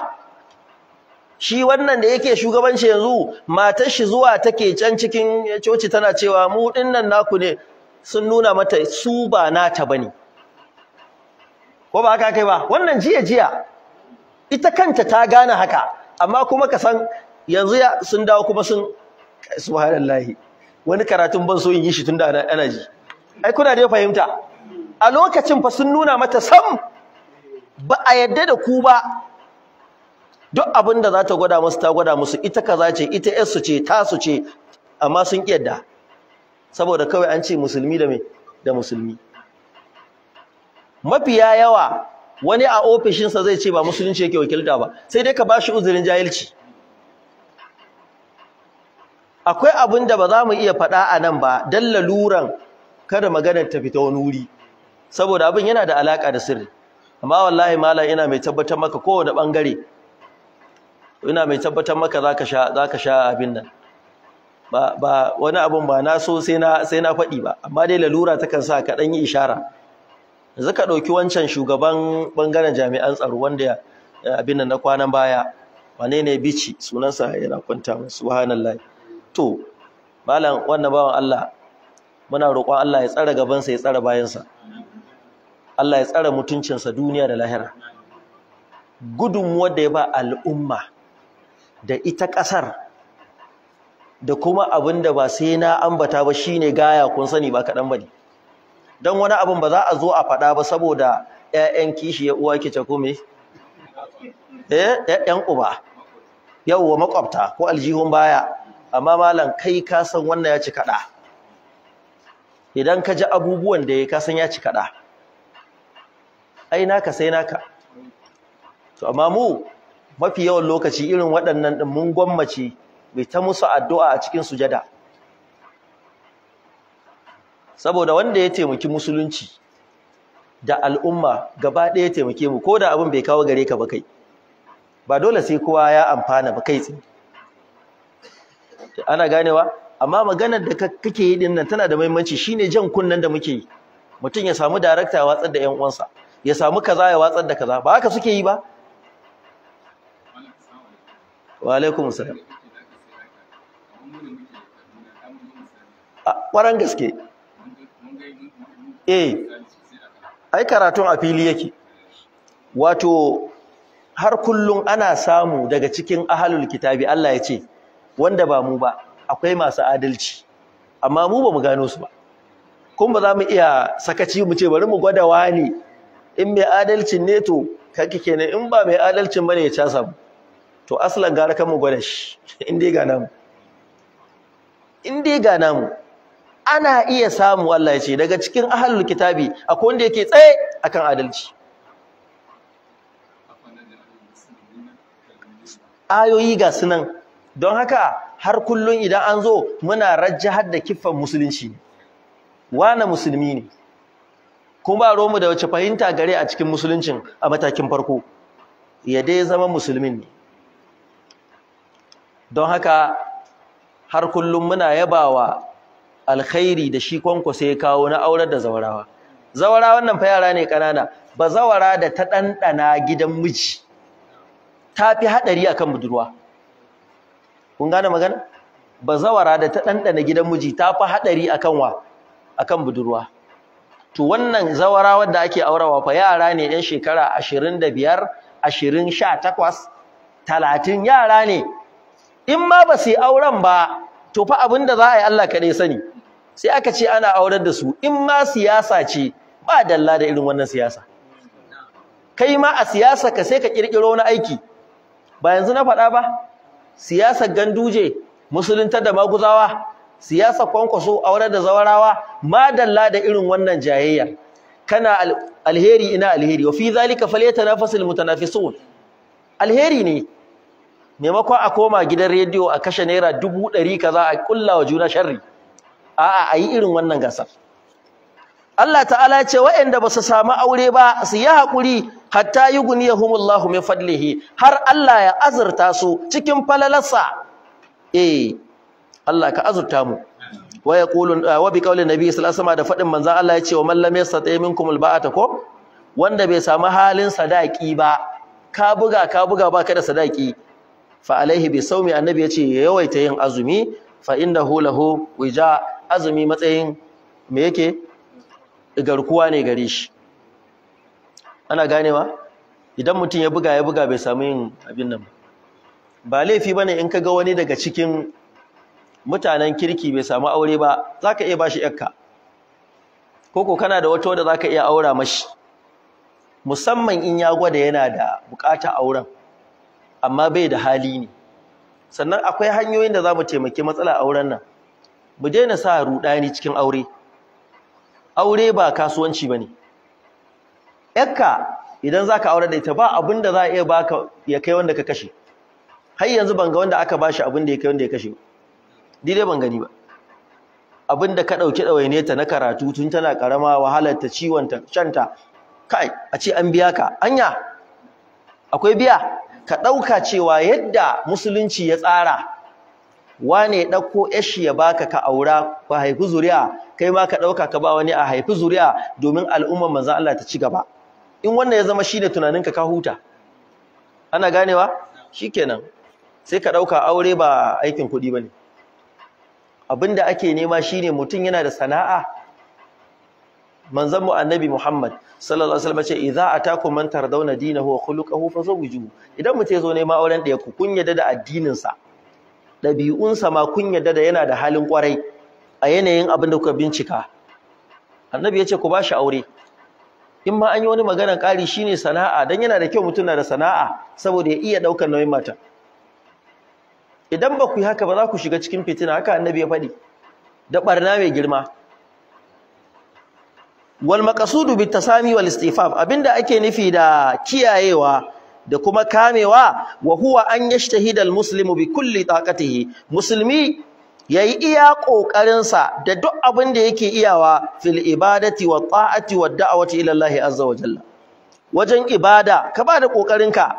shi wannan da yake shugabanci yanzu matar shi zuwa take can cikin coci tana cewa mu dinnan naku ne sun nuna mata su ba nata bane ko ba haka kai ba wannan jiya jiya ita kanta ta gane haka amma kuma ka san yanzu ya sun dawo kuma sun subhanallahi wani karatun ban so yin shi tunda ana ji ai kuna da fahimta a lokacin fa sun nuna mata sam ba a yadda da ku ba duk abin da za ta gwada musu ta gwada musu ita kaza ce ita yarsu ce tasu ce amma sun ƙi yadda saboda kawai an ce musulmi da me da musulmi mafiya yawa wani a ofishinsa zai ce ba musulunci yake wakilta ba sai dai ka ba shi uzurin jahilci akwai abin da ba za mu iya faɗa a nan ba dalla Luran, kada maganar ta fita wani wuri saboda abin yana da alaka da sirri amma wallahi mala ina mai tabbatar maka kowane bangare ina mai tabbatar maka zaka sha zaka sha abin nan ba ba wani abun ba na so sai na sai na faɗi ba amma dai lalura takan sa ka dan yi ishara yanzu ka ɗauki wancan shugaban bangaren jami'an tsaro wanda abin nan na kwanan baya wane ne bici sunansa yana kwanta mu subhanallah to malam wannan bawan Allah muna roƙon Allah ya tsara gabansa ya tsara bayansa Allah ya tsara mutuncinsa duniya da lahira gudunmuwar da ya ba al'umma da ita ƙasar da kuma abin da ba sai na ambata ba shine gaya kun sani ba kaɗan ba ne don wani abin ba za a zo a faɗa ba saboda 'ya'yan kishi ya uwa ke cako me eh, ‘yan uba yawwa makwabta ko aljihun baya amma malam kai ka san wannan ya ci kaɗa idan ka ji abubuwan da ya kasan ya ci kaɗa ai naka sai naka to amma mu mafi yawan lokaci irin waɗannan din mun gwammace bai ta musu addu'a a cikin sujada saboda wanda ya taimaki musulunci da al'umma gaba ɗaya ya taimake mu ko da abin bai kawo gare ka ba kai ba dole sai kowa ya amfana ba kai tsaye ana ganewa amma maganar da kake yi din nan tana da muhimmanci shine jan kunnan da muke yi mutum ya samu darakta watsar da 'yan uwansa ya samu kaza ya watsar da kaza ba haka suke yi ba wa alaikum salam ƙwaran gaske eh ai karatun a fili yake wato har kullum ana samu daga cikin ahalul kitabi Allah ya ce wanda ba mu ba akwai masu adalci amma mu ba mu gano su ba kuma ba za mu iya sakaci mu ce bari mu gwada wani in mai adalcin ne to kake kenan in ba mai adalcin bane ya casa to aslan gara kanmu gwada shi in dai ga namu in dai ga namu ana iya samu Allah ya ce daga cikin ahlul kitabi akwai wanda yake tsaye akan adalci ayoyi ga sunan don haka har kullum idan an zo muna rajjahar da kiffan musulunci wana musulmi ne kun ba romu da wace fahimta gare a cikin musuluncin a matakin farko ya dai zama musulmin ne don haka har kullum muna yabawa alkhairi da shi kwankwasa ya kawo na aurar da zawarawa zawara wannan fa yara ne kanana ba zawara da ta ɗanɗana gidan miji ta fi haɗari akan budurwa kun gane magana ba zawara da ta ɗanɗana gidan miji ta fi haɗari akan wa akan budurwa to wannan zawara da ake aurawa fa yara ne ɗan shekara ashirin sha takwas? Talatin yara ne in ma ba su auren ba to fa abin da za a yi Allah kaɗai sani sai aka ce ana aurar da su in ma siyasa ce ba dalla da irin wannan siyasa kai ma a siyasa ka sai ka ƙirƙiro na aiki ba yanzu na faɗa ba siyasar ganduje musulunta da maguzawa siyasa kwankwaso aure da zawarawa madalla da irin wannan jayayya kana alheri ina alheri wa fi zalika falyatanafasul mutanafisun alheri ne maimakon a koma gidan rediyo a kashe naira dubu ɗari kaza a kulla wa juna sharri a'a ayi irin wannan gasar Allah ta'ala ya ce waɗanda ba su samu aure ba su yi haƙuri hatta yi guniyahumullahu min fadlihi har Allah ya azurta su cikin falalarsa eh Allah ka azurta mu wa yaqulu ah, wa bi qawli nabi sallallahu alaihi wasallam da fadin manzon Allah ya ce wa man lam yastati minkum alba'ata ko wanda bai samu halin sadaki ba ka buga ka buga ba ka da sadaki fa alaihi bi sawmi annabi ya ce ya yawaita yin azumi fa innahu lahu wija azumi matsayin me yake garkuwa ne gare shi ana ganewa idan mutum ya buga ya buga bai samu yin abin nan ba laifi bane in kaga wani daga cikin mutanen kirki bai samu aure ba zaka iya bashi yakka koko kana da wata za zaka iya aura mashi musamman in ya gwada yana da bukata auren amma bai da hali ne sannan akwai hanyoyin da zamu taimaki matsala auren nan mu daina sa rudani cikin aure aure ba kasuwanci bane yakka idan zaka aure da ita ba abinda za a iya baka ya kai wanda ka kashe har yanzu ban ga wanda aka bashi abinda ya kai wanda ya kashe ba dai ban gani ba abinda ka dauki dawaine ta na karatu tun tana karama wahalar ta ciwon ta shanta kai a ce an biya ka anya akwai biya ka dauka cewa yadda musulunci ya tsara wane ɗauko yashi ya baka ka aura ka haifi zuriya kai ma ka ɗauka ka ba wani a haifi zuriya domin al'ummar manzan Allah ta ci gaba in wannan ya zama shine tunaninka ka huta ana ganewa shikenan sai ka ɗauka aure ba aikin kuɗi bane Abin da ake nema shine mutum yana da sana'a manzon mu annabi Muhammad sallallahu alaihi wasallam ce idza atakum man tardawna dinahu wa khuluquhu fazawwiju idan mutai ya zo nema auren da yake ku kun yadda da addinin sa dabi'un sa ma kun yadda da yana da halin kwarai a yanayin abin da kuka bincika annabi ya ce ku bashi aure in ma an yi wani maganar ƙari shine sana'a dan yana da kyau mutum na da sana'a saboda ya iya daukar nauyin mata idan ba ku yi haka ba za ku shiga cikin fitina haka annabi ya faɗi da barna mai girma wal maqsudu bit tasami wal istifaf abinda ake nufi da kiyayewa da kuma kamewa wa huwa an yashtahida al muslimu bi kulli taqatihi musulmi yayi iya kokarin sa da duk abinda da yake iyawa fil ibadati wa ta'ati wa da'wati ila Allah azza wa jalla wajen ibada ka ba da kokarinka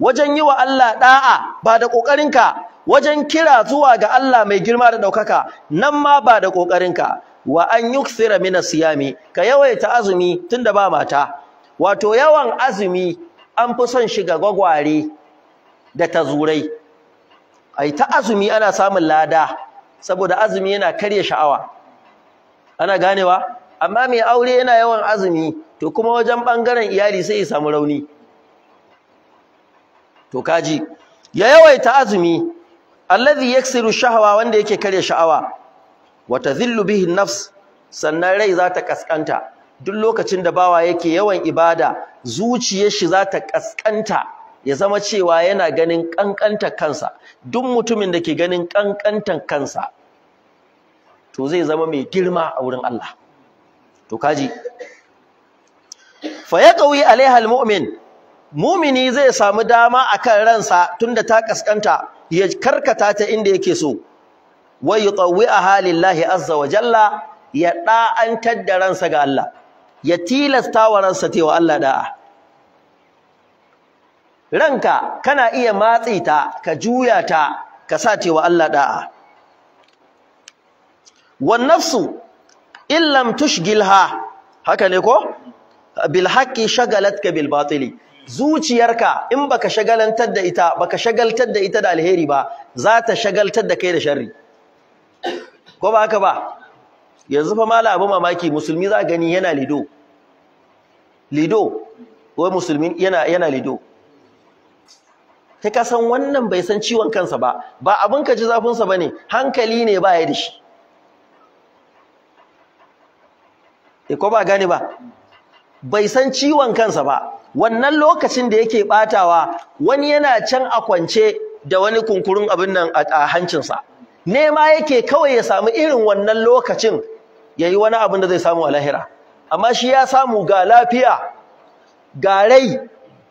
wajen yi wa Allah da'a ba da kokarinka wajen kira zuwa ga Allah mai girma da ɗaukaka nan ma ba da ƙoƙarinka wa an yukthira min siyami ka yawaita azumi tunda ba mata wato yawan azumi an fi son shiga gwagware da tazurai ai ta azumi ana samun lada saboda azumi yana karya sha'awa ana ganewa amma mai aure yana yawan azumi to kuma wajen ɓangaren iyali sai ya samu rauni to kaji ya yawaita azumi alladhi yaksiru shahwa wanda yake kare sha'awa wa tadhillu bihi nafs sannan rai za ta kaskanta duk lokacin da bawa yake yawan ibada zuciyar shi za ta kaskanta ya zama cewa yana ganin kankantar kansa duk mutumin da ke ganin kankantar kansa to zai zama mai girma a wurin Allah to kaji fa yaqawi alaiha al-mu'min mumini zai samu dama akan ransa tunda ta kaskanta ya karkata ta inda yake so wai yutawwi'aha lillahi azza wa jalla ya da'antar da ransa ga Allah ya tilasta wa ransa cewa Allah da'a ranka kana iya matsi ta ka juya ta ka sa cewa Allah da'a wan nafsu in tushgilha haka ne ko bil haqqi shagalatka bil batili zuciyarka in baka shagalantar da ita baka shagaltar da ita da alheri ba za ta shagaltar da kai da sharri ko ba haka ba yanzu fa mala abu mamaki musulmi za gani yana lido lido wai musulmi yana yana lido kai ka san wannan bai san ciwon kansa ba ba abin ka ji zafin sa bane hankali ne ba ya da shi e ko ba gane ba bai san ciwon kansa ba wannan lokacin da yake batawa wani yana can a kwance da wani kunkurun abin nan a hancinsa nema yake kawai ya samu irin wannan lokacin yayi wani abin da zai samu a lahira amma shi ya samu ga lafiya ga rai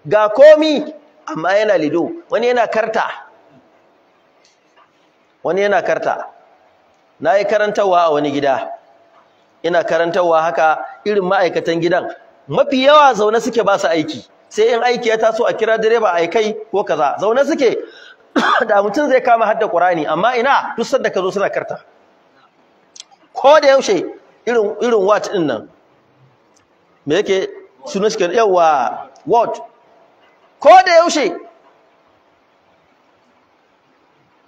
ga komi amma yana lido wani yana karta wani yana karta nayi karantawa a wani gida ina karantarwa haka irin ma'aikatan gidan mafi yawa zaune suke ba su aiki sai in aiki ya taso a kira direba a kai ko kaza zaune suke da mutum zai kama hadda Qur'ani amma ina duk sanda ka zo suna karta ko da yaushe irin wat din nan me yake suna shi yawa what ko da yaushe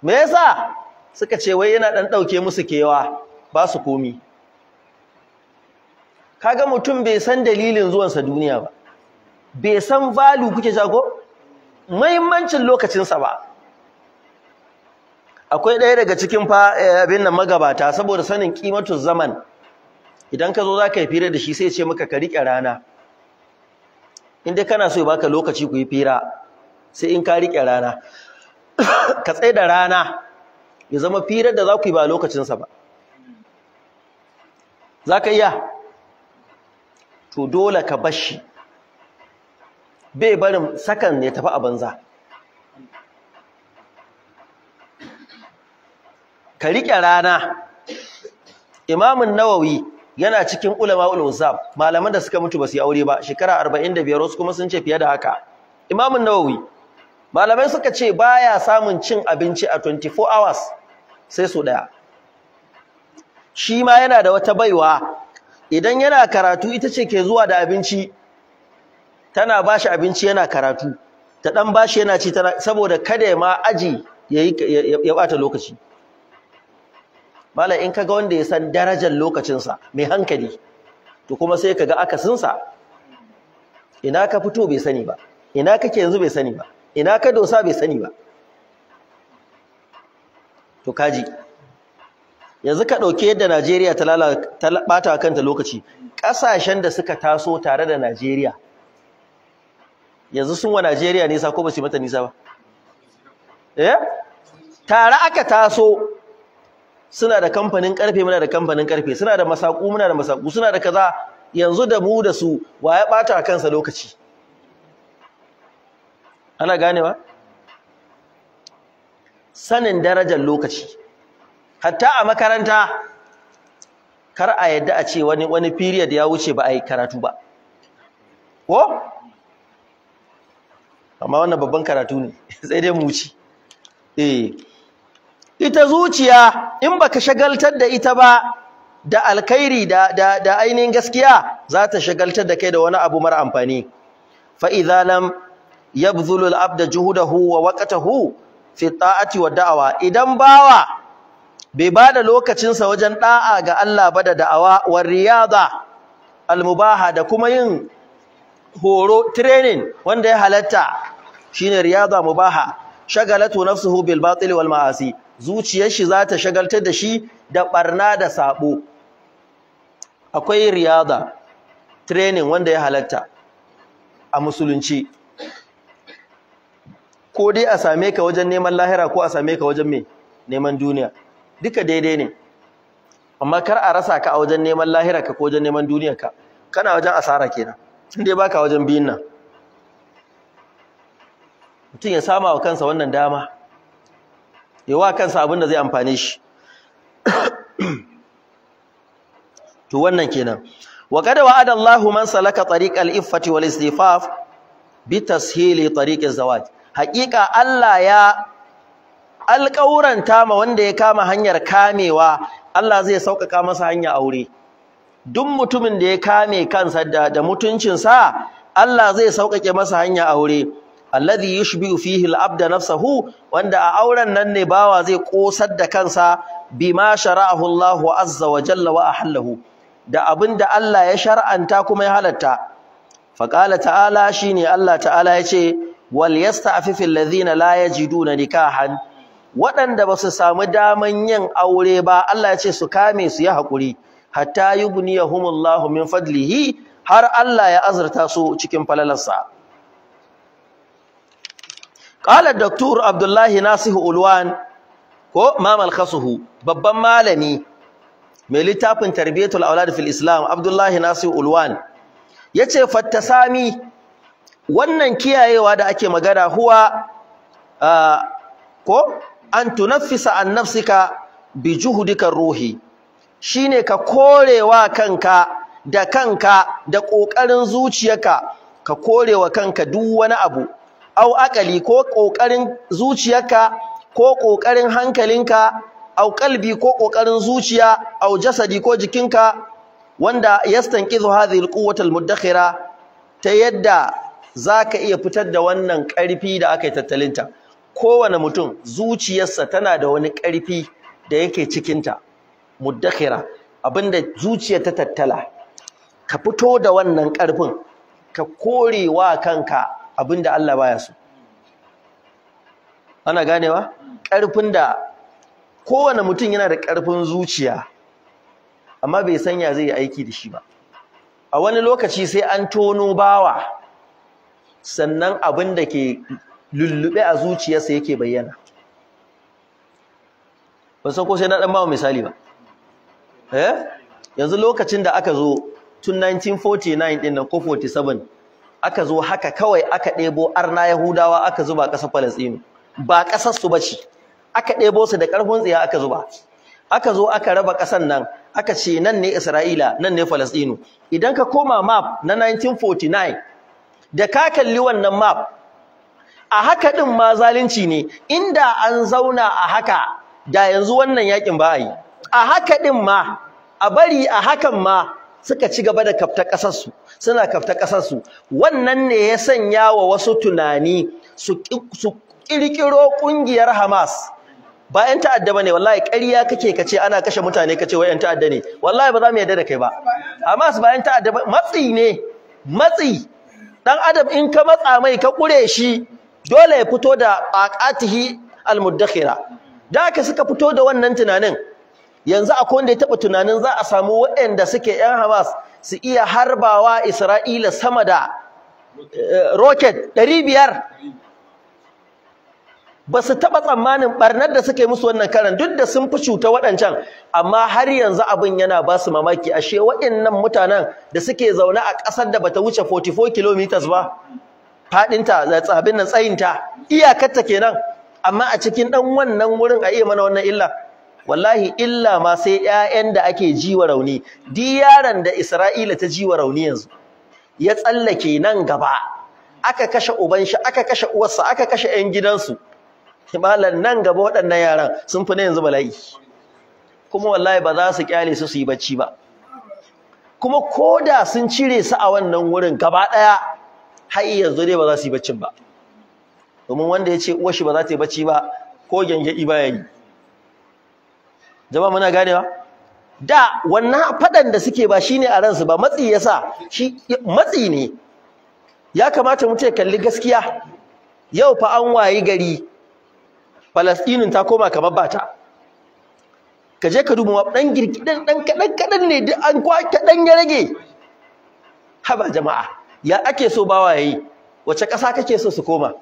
me yasa suka ce wai yana dan dauke musu kewa ba su komi kaga mutum bai san dalilin zuwansa duniya ba bai san valu kuke jago muhimmancin lokacinsa ba akwai ɗaya daga cikin fa eh, abin nan magabata saboda sanin kimatu zaman idan ka zo za ka yi fira da shi sai ce maka ka riƙe rana in dai kana so ya baka lokaci ku yi fira sai in ka riƙe rana ka tsaye da rana ya zama firar da za ku yi ba lokacinsa ba za ka iya to dole ka bashi bai barin sakan ya tafi a banza ka riƙe rana imamun nawawi yana cikin ulama ulwazab malaman da suka mutu ba su yi aure ba shekara 45 wasu kuma sun ce fiye da haka imamun nawawi malamai suka ce baya samun cin abinci a 24 hours sai su daya shi ma yana da wata baiwa idan yana karatu ita ce ke zuwa da abinci tana ba shi abinci yana karatu ta dan bashi yana ci saboda kada ma aji ya bata lokaci malam in kaga wanda ya san darajar lokacinsa mai hankali to kuma sai kaga akasinsa ina ka fito bai sani ba ina kake yanzu bai sani ba ina ka dosa bai sani ba to kaji yanzu ka ɗauki yadda Najeriya ta ɓata kanta lokaci ƙasashen da suka taso tare da Najeriya yanzu sun wa Najeriya nisa ko ba su mata nisa ba eh tare aka taso suna da kamfanin karfe muna da kamfanin karfe suna da masaku muna da masaku suna da kaza yanzu da mu da su wa ya ɓata kansa lokaci ana ganewa sanin darajar lokaci hatta a makaranta kar a yadda a ce wani wani period ya wuce ba a yi karatu ba ko amma wannan babban karatu ne sai dai mu wuce eh ita zuciya in baka shagaltar da ita ba da alkhairi da da da ainihin gaskiya za ta shagaltar da kai da wani abu mara amfani fa idza lam yabdhulu al-abda juhudahu wa waqtahu fi ta'ati wa da'wa idan bawa bai ba da lokacinsa wajen ɗa'a ga Allah ba da da'awa wa riyada mubaha da kuma yin horo training wanda ya halatta shine riyada mubaha shagalatu nafsuhu bil batil wal ma'asi zuciyar shi ta shagaltar da shi da barna da sabo akwai riyada training wanda ya halatta a musulunci ko dai a same ka wajen neman lahira ko a same ka wajen me neman duniya duka daidai ne amma kar a rasa ka a wajen neman lahira ko wajen neman duniyarka. kana wajen asara kenan tun dai baka wajen biyun nan mutum ya sama wa kansa wannan dama ya wa kansa abin da zai amfane shi to wannan kenan wa qad wa'ada Allahu man salaka tariqal iffati wal istifaf bi tashili tariqiz zawaj haqiqa Allah ya alƙauranta ma wanda ya kama hanyar kamewa Allah zai sauƙaƙa masa hanya aure duk mutumin da ya kame kansa da, mutuncinsa Allah zai sauƙaƙe masa hanya aure alladhi yushbi'u fihi al-abda nafsahu wanda a auren nan ne bawa zai kosar da kansa bima shara'ahu Allahu azza wa jalla wa ahallahu da abinda Allah ya shar'anta kuma ya halatta faqala ta'ala shine Allah ta'ala yace wal yasta'fifu alladhina la yajiduna nikahan waɗanda ba su samu daman yin aure ba Allah ya ce su kame su yi haƙuri hatta yughniyahumullahu min fadlihi har Allah ya azurta su cikin falalarsa Ƙalar doktor Abdullahi Nasih Ulwan ko Mamal Khasuhu babban malami mai littafin tarbiyatul aulad fil islam Abdullahi Nasih Ulwan yace fattasami wannan kiyayewa da ake magana huwa uh, ko an tunaffisa an nafsika bi juhudika ruhi shine ka korewa kanka da kanka da ƙoƙarin zuciyarka ka korewa kanka duk wani abu au akali ko kokarin zuciyarka ko ƙoƙarin hankalinka au kalbi ko ƙoƙarin zuciya au jasadi ko jikinka wanda yastanqidhu hadhihi alquwwata almudakhira ta yadda zaka iya fitar da wannan ƙarfi da aka yi tattalinta kowane mutum zuciyarsa tana da wani ƙarfi da yake cikinta muddakhira abinda zuciya ta tattala ka fito da wannan ƙarfin ka kore wa kanka abinda Allah baya so ana ganewa ƙarfin da kowane mutum yana da ƙarfin zuciya amma bai sanya zai yi aiki da shi ba a wani lokaci sai an tono bawa sannan abin ke lullube a zuciyarsa yake bayyana ba san ko sai na dan ba misali ba eh yanzu lokacin da aka zo tun 1949 din nan ko 47 aka zo haka kawai aka ɗebo arna yahudawa aka zuba kasar palestine ba ƙasar su bace aka ɗebo su da karfin tsiya aka zuba aka zo aka raba kasan nan aka ce nan ne isra'ila nan ne palestine idan ka koma map na 1949 da ka kalli wannan map a haka din ma zalunci ne inda an zauna a haka da yanzu wannan yakin ba yi a haka din ma a bari a hakan ma suka ci gaba da kafta kasarsu suna kafta kasarsu wannan ne ya sanya wa wasu tunani su su kirkiro kungiyar Hamas ba ƴan ta'adda bane wallahi ƙarya kake kace ana kashe mutane kace wai 'yan ta'adda ne wallahi ba za mu yarda da kai ba Hamas ba ƴan ta'adda matsi ne matsi dan adam in ka matsa mai ka kure shi dole ya fito da aqatihi almuddakhira da haka suka fito da wannan tunanin yanzu akwai wanda ya taba tunanin za a samu waɗanda suke yan Hamas su iya harbawa Isra'ila sama da eh, rocket biyar, ba su taba tsammanin ɓarnar da suke musu wannan karan duk da sun fi cuta waɗancan amma har yanzu abin yana ba su mamaki ashe waɗannan mutanen da suke zaune a ƙasar da bata wuce 44 kilometers ba fadinta tsabin nan tsayinta iyakarta kenan amma a cikin dan wannan wurin a iya mana wannan illa wallahi illa ma sai ƴaƴan da ake jiwa rauni di yaron da Isra'ila ta jiwa rauni yanzu ya tsallake nan gaba aka kashe uban shi aka kashe uwarsa aka kashe ƴan gidansu malan nan gaba waɗannan yaran sun fi na yanzu bala'i kuma wallahi ba za su kyale su su yi bacci ba kuma koda sun cire su a wannan wurin gaba ɗaya har yanzu dai ba za su yi baccin ba domin wanda ya ce uwar shi ba za ta yi bacci ba ko gyangyaɗi ba ya yi jama'a muna ganewa da wannan faɗan da suke ba shine a ransu ba matsi yasa shi matsi ne ya kamata mu ce kalli gaskiya yau fa an wayi gari Falastinin ta koma kamar bata ka je ka duba dan girgidan dan kadan kadan ne duk an kwa dan ya rage haba jama'a ya ake so bawa yayi wace ƙasa kake so su koma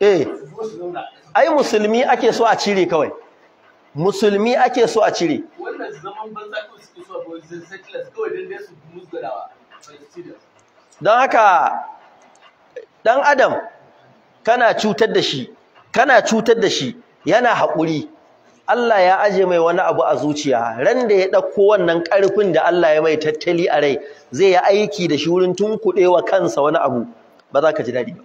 eh ai musulmi ake so a cire kawai musulmi ake so a cire dan don haka dan adam kana cutar da shi kana cutar da shi yana haƙuri Allah ya aje mai wani abu a zuciya ran da ya ɗauko wannan karfin da Allah ya mai tattali a rai zai yi aiki da shi wurin tunkuɗe wa kansa wani abu ba za ka ji daɗi ba.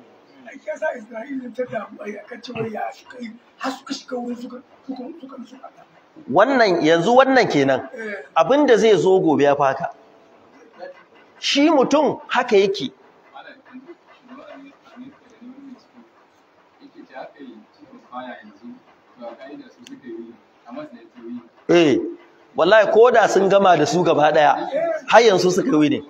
Wannan yanzu wannan kenan eh. abin da zai zo gobe ya faka. Shi mutum haka yake. yanzu ba eh wallahi koda sun gama da su gaba daya har yanzu suka yi ne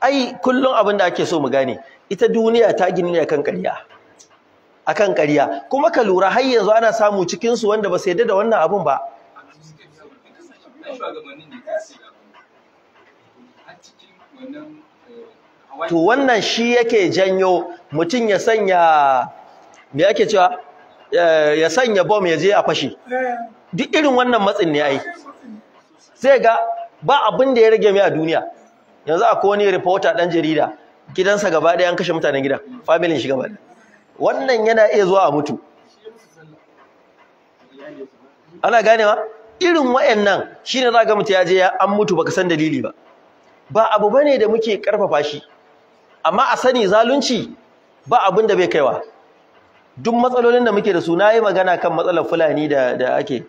ai kullum abin da ake so mu gane ita duniya ta gini ne kan ƙarya akan ƙarya kuma ka lura har yanzu ana samu cikin su wanda ba su yadda da wannan abun ba to wannan shi yake janyo mutum ya sanya me ake cewa eh, ya sanya bom ya je a fashe duk irin wannan matsin ne ai sai ga ba abin da ya rage mai a duniya yanzu akwai wani reporter dan jarida gidansa gaba ɗaya an kashe mutanen gidan familin shi gaba wannan yana iya zuwa a mutu ana ganewa irin wayannan shine za ga mutu ya je an mutu baka san dalili ba ba abu bane da muke karfafa shi amma a sani zalunci ba abin da bai kaiwa duk matsalolin da muke da su na yi magana kan matsalar fulani da ake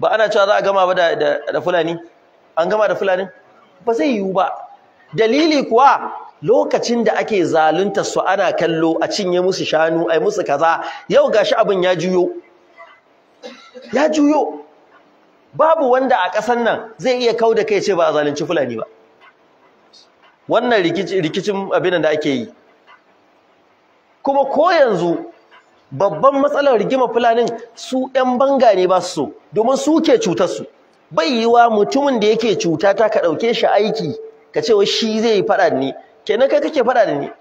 ba ana cewa za a gama ba da fulani an gama da fulani ba zai yiwu ba dalili kuwa lokacin da ake zalunta su ana kallo a cinye musu shanu ai musu kaza yau ga shi abin ya juyo ya juyo babu wanda a ƙasan nan zai iya kau da kai ce ba a zalunci fulani ba wannan rikicin abin da ake yi kuma ko yanzu babban matsalar rigima fulanin su ƴan banga ne ba su so domin su ke cuta su bai wa mutumin da yake cuta ta ka ɗauke shi aiki ka ce wa shi zai yi faɗa da ni na kai kake faɗa da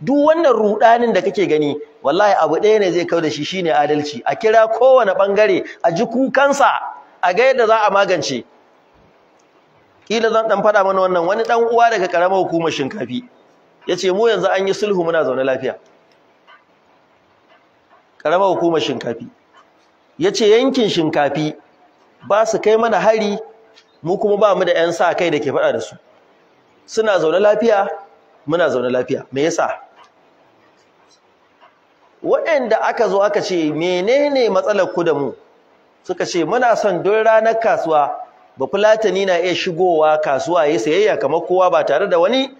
duk wannan rudanin da kake gani wallahi abu ɗaya ne zai kau da shi shi ne adalci a kira kowane ɓangare, a ji kukansa a ga yadda za a magance Ƙila zan ɗan faɗa mana wannan wani dan uwa daga karamar hukumar shinkafi yace mu yanzu an yi sulhu muna zaune lafiya ƙaramar hukumar shinkafi ya ce yankin shinkafi ba su kai mana hari mu kuma ba mu da 'yan sa kai da ke faɗa da su suna zaune lafiya muna zaune lafiya me yasa waɗanda aka zo aka ce menene matsalar ku da mu suka ce muna son don ranar kasuwa ba fulatani na iya shigowa kasuwa ya sayayya kamar kowa ba tare da wani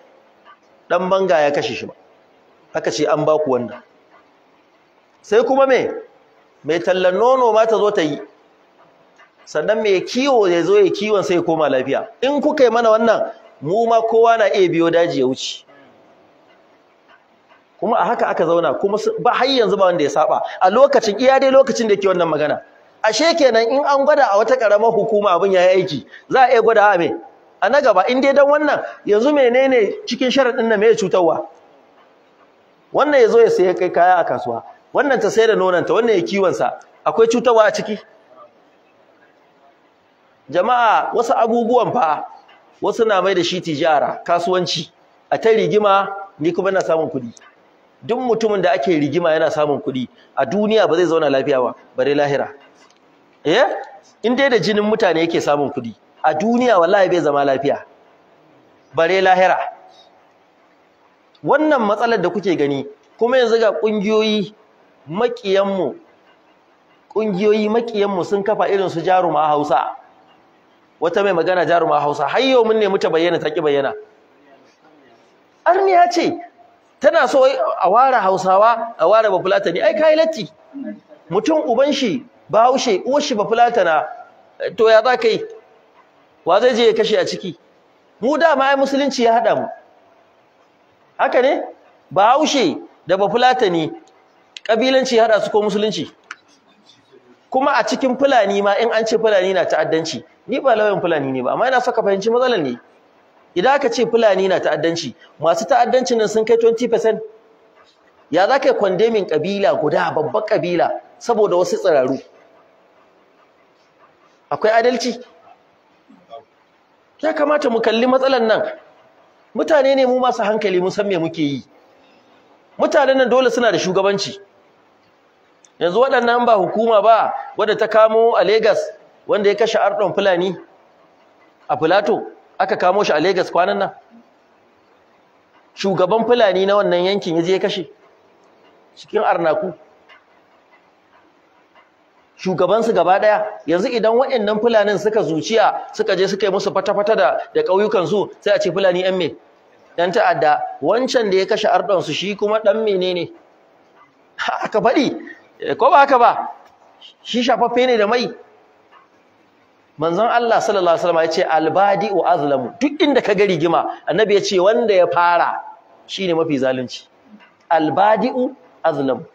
ɗan banga ya kashe shi ba aka ce an ba ku wannan sai kuma me mai tallan nono ma ta zo ta yi sannan mai kiwo ya zo ya kiwon sai koma lafiya in kuka yi mana wannan mu ma kowa na iya biyo daji ya wuce kuma a haka aka zauna kuma ba har yanzu ba wanda ya saba a lokacin iya dai lokacin da yake wannan magana ashe kenan in an gwada a wata karamar hukuma abin yayi aiki za a iya gwada a me a na gaba in dai dan wannan yanzu menene cikin sharadin nan me ya cutarwa wannan yazo ya sayi kai kaya a kasuwa wannan ta sai da ta, wannan ya kiwonsa akwai cutarwa a ciki jama'a wasu abubuwan fa wasu na mai da shi tijara kasuwanci a ta rigima ni kuma ina samun kuɗi duk mutumin da ake rigima yana samun kuɗi a duniya ba zai zauna lafiya ba bare lahira eh in dai da jinin mutane yake samun kuɗi a duniya wallahi bai zama lafiya bare lahira wannan matsalar da kuke gani kuma yanzu ga kungiyoyi makiyanmu ƙungiyoyi maƙiyanmu sun kafa irin su jaruma hausa wata mai magana jaruma hausa har mun nemi ta bayyana ta ki bayyana arniya ce tana so a ware hausawa a ware ne ai kai latti mutum uban shi bahaushe uwar shi na. to ya za ka yi wa zai je ya kashe a ciki mu ma ai musulunci ya haɗa mu haka ne bahaushe da ne. kabilanci ya hada su ko musulunci kuma a cikin fulani ma in an ce fulani na ta'addanci ni ba lauyan fulani ne ba amma ina saka ka fahimci matsalar ne idan aka ce fulani na ta'addanci masu ta'addanci nan sun kai 20% ya za ka yi kwandemin ƙabila guda babbar kabila saboda wasu tsiraru akwai adalci ya kamata mu kalli matsalar nan mutane ne mu masu hankali mu san me muke yi mutanen nan dole suna da shugabanci yanzu waɗannan ba hukuma ba wadda ta kamo a Legas wanda ya kashe Ardon Fulani a Filato aka kamo shi a Legas kwanan nan shugaban Fulani na wannan yankin yaje ya kashe cikin Arnaku shugaban su gaba ɗaya, yanzu idan waɗannan Fulanin suka zuciya suka je suka yi musu fata-fata da da ƙauyukan su sai a ce Fulani ɗan me dan ta'adda wancan da ya kashe Ardon su shi kuma ɗan menene aka faɗi Eh, ko ba haka ba shi shafaffe ne da mai manzon Allah sallallahu alaihi wasallam ya ce albadi wa azlamu duk inda ka gari rigima annabi ya ce wanda ya fara shine mafi zalunci albadi'u azlamu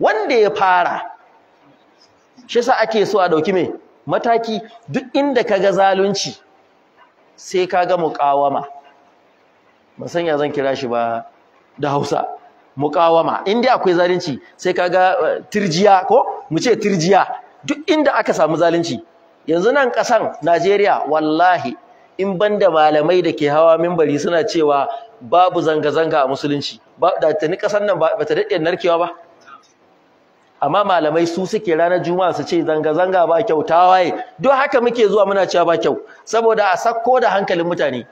wanda ya fara shi yasa ake so a dauki me mataki duk inda kaga zalunci sai kaga muqawama ban san ya zan kira shi ba da Hausa muqawama in dai akwai zalunci sai kaga eh, tirjiya ko mu ce tirjiya duk inda aka samu zalunci yanzu nan kasan Najeriya wallahi in banda malamai da ke hawa minbari suna cewa babu zanga zanga a musulunci ba da ni kasan nan ba ta dade narkewa ba amma malamai su suke ranar juma'a su ce zanga zanga ba kyau waye? duk haka muke zuwa muna cewa ba kyau saboda a sakko da hankalin mutane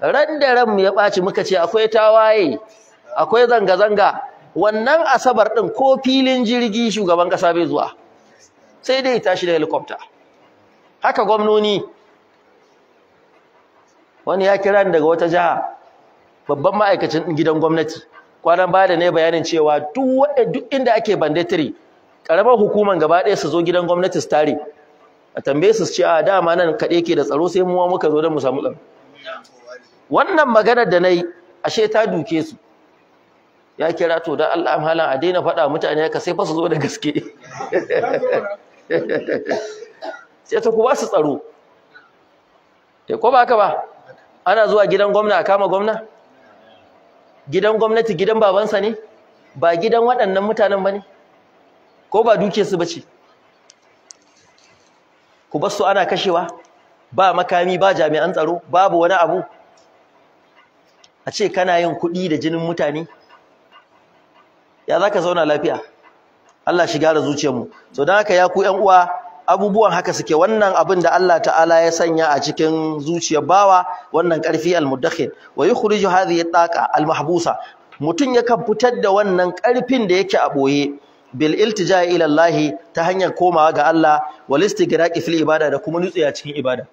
ran da ran mu ya ɓaci muka ce akwai tawaye akwai zanga-zanga wannan asabar ɗin ko filin jirgi shugaban ƙasa bai zuwa sai dai tashi da helicopter haka gwamnoni wani ya kira ni daga wata jiha babban ma'aikacin gidan gwamnati kwanan baya da ne bayanin cewa duk inda ake bandetri ƙaramar hukumar gaba ɗaya su zo gidan gwamnati su tare a tambaye su ce a dama nan kaɗe ke da tsaro sai muwa muka zo don mu samu ɗan. wannan maganar da na yi ashe ta duke su ya kira to dan Allah amhalan a daina faɗa mutane ka sai fa su zo da gaske sai ta ku ba su tsaro eh ko ba ka ba ana zuwa gidan gwamna a kama gwamna gidan gwamnati gidan babansa ne ba gidan waɗannan mutanen ba ne ko ba duke su ba ce ku ba su ana kashewa ba makami ba jami'an tsaro babu wani abu a ce kana yin kuɗi da jinin mutane ya za ka zauna lafiya Allah shiga da zuciyarmu so don haka ya ku ƴan uwa abubuwan haka suke wannan abin da Allah ta'ala ya sanya a cikin zuciyar bawa wannan ƙarfi al-muddakhil wa yukhriju hadhihi at-taqa al-mahbusa mutun kan fitar da wannan ƙarfin da yake a ɓoye. bil iltija ila Allah ta hanyar komawa ga Allah wal istigraqi fil ibada da kuma nutsuwa cikin ibada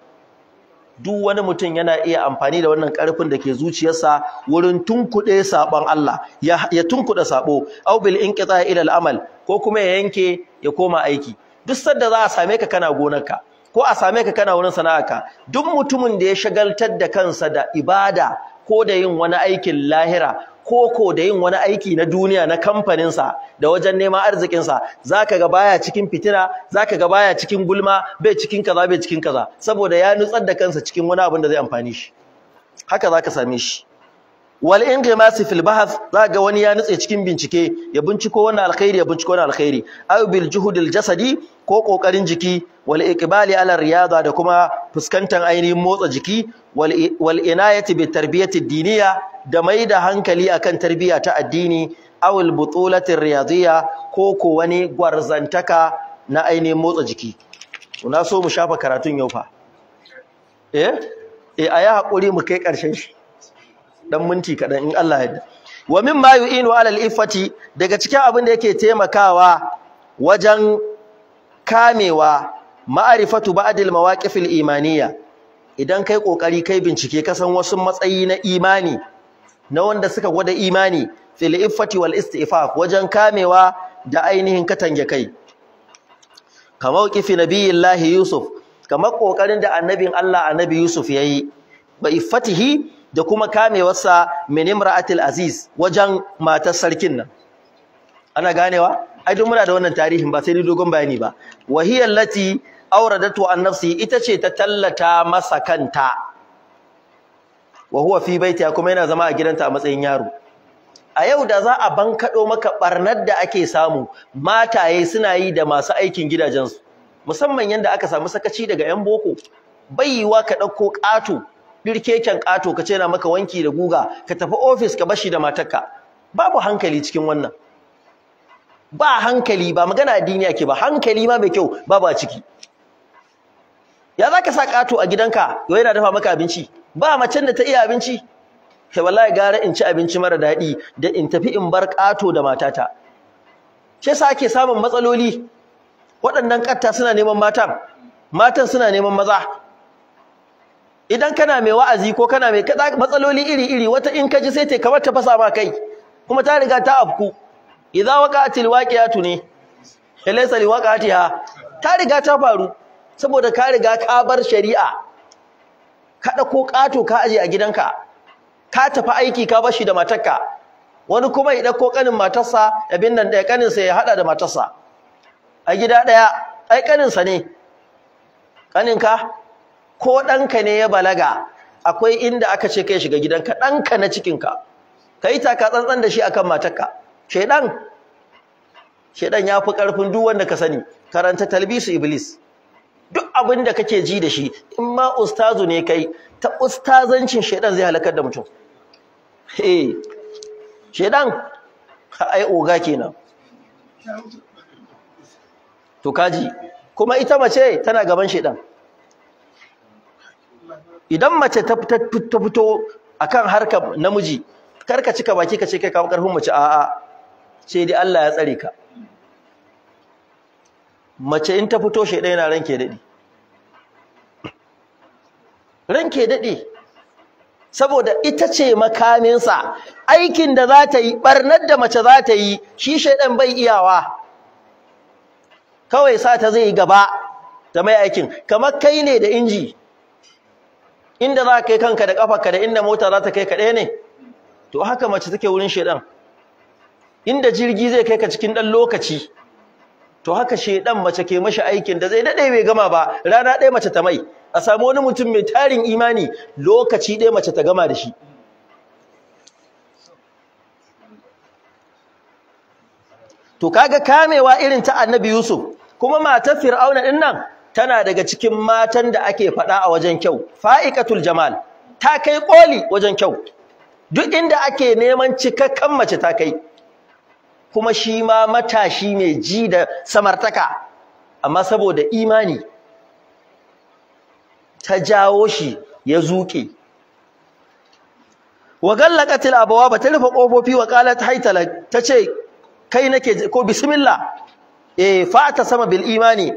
duk wani mutum yana iya amfani da wannan ƙarfin da ke zuciyarsa wurin tunkuɗe saɓon Allah ya, tunkuɗe saɓo. aw bil inqita ila al amal ko kuma ya yanke ya koma aiki duk sanda za a same ka kana gonarka ko a same ka kana wurin sana'arka duk mutumin da ya shagaltar da kansa da ibada ko da yin wani aikin lahira koko da yin wani aiki na duniya na kamfaninsa da wajen neman arzikinsa za ka ga baya cikin fitina za ka ga baya cikin gulma bai cikin kaza bai cikin kaza saboda ya nutsar da kansa cikin wani abin da zai amfani shi haka za ka same shi wal inghimasi fil bahth za ga wani ya nutse cikin bincike ya binciko wannan alkhairi ya binciko wannan alkhairi aw bil juhudil jasadi ko kokarin jiki wal iqbali ala riyada da kuma fuskantar ainihin motsa jiki wal inayati bit tarbiyati diniya da mai da hankali akan tarbiyya ta addini awul butulatin riyadiyya ko ko wani gwarzantaka na ainihin motsa jiki na so mu shafa karatun yau fa eh eh ayi hakuri mu kai karshen shi dan minti kadan in Allah ya wa wa ma yu'inu ala al-iffati daga cikin abin da yake taimakawa wajen kamewa ma'arifatu ba'dil mawaqifil imaniyya idan kai kokari kai bincike kasan wasu matsayi na imani na wanda suka gwada imani fil iffati wal istifaf wajen kamewa da ainihin katange kai kamar kifi nabiyillahi yusuf kamar kokarin da annabin Allah annabi yusuf yayi ba iffatihi da kuma kamewarsa min imra'atil aziz wajen matar sarkin nan ana ganewa ai duk muna da wannan tarihin ba sai ni dogon bayani ba wahiyallati auradatu an nafsi ita ce ta tallata masa kanta wa huwa fi baitiha kuma yana zama a gidanta a matsayin yaro a yau da za a bankado maka barnar da ake samu mataye suna yi da masu aikin gidajen su musamman yanda aka samu sakaci daga yan boko baiwa ka dauko kato birkeken kato ka ce na maka wanki da guga ka tafi office ka bashi da matarka babu hankali cikin wannan ba hankali ba magana addini ake ba hankali ma mai kyau babu a ciki ya zaka sa kato a gidanka yau yana dafa maka abinci ba macen da ta iya abinci kai wallahi gara in ci abinci mara daɗi da in tafi in bar kato da matata shi yasa ake samun matsaloli waɗannan katta suna neman matan matan suna neman maza idan kana mai wa'azi ko kana mai matsaloli iri-iri wata in ka ji sai ta kamar ta fasa ma kai kuma ta riga ta afku idza waqa'atil waqi'atu ne eh, laysa liwaqa'atiha ta riga ta faru saboda ka riga ka bar shari'a kada ko kato ka aje a gidanka ka tafi aiki ka bashi da matarka wani kuma ya dauko kanin matarsa abin nan da kanin sa ya hada da matarsa a gida daya ai kanin sa ne ka ko danka ne ya balaga akwai inda aka ce kai shiga gidanka danka na cikin ka kai taka tsantsan da shi akan matarka shedan shedan yafi karfin duk wanda ka sani karanta talbisu iblis duk abin da kake ji da shi in ma ustazu ne kai ta ustazancin shedan zai halakar da mutum eh shedan ai oga kenan to kaji kuma ita mace tana gaban shedan idan mace ta fito akan harkar namiji kar karka cika baki ka ce kai kawo karfin mace a. sai dai Allah ya tsare ka mace in ta fito shaidan yana ranke daɗi ranke daɗi saboda ita ce makaminsa aikin da za ta yi ɓarnar da mace za ta yi shi shaidan bai iyawa kawai sa ta zai gaba ta mai aikin kamar kai ne da inji inda za ka kai kanka da ƙafarka da inda mota za ta kai ka ɗaya ne to haka mace take wurin shaidan inda jirgi zai kai ka cikin ɗan lokaci to haka shedan mace ke mashi aikin da zai dade bai gama ba rana ɗaya mace ta mai a samu wani mutum mai tarin imani lokaci ɗaya mace ta gama da shi to kaga kamewa irin ta annabi yusuf kuma matar fir'auna din nan tana daga cikin matan da ake faɗa a wajen kyau fa'iqatul jamal ta kai koli wajen kyau duk inda ake neman cikakken mace ta kai kuma shi ma matashi mai ji da samartaka amma saboda imani ta jawo shi ya zuke wa gallaqatil abwaba ta rufe kofofi wa qalat haytala tace kai nake ko bismillah eh fa'ata sama bil imani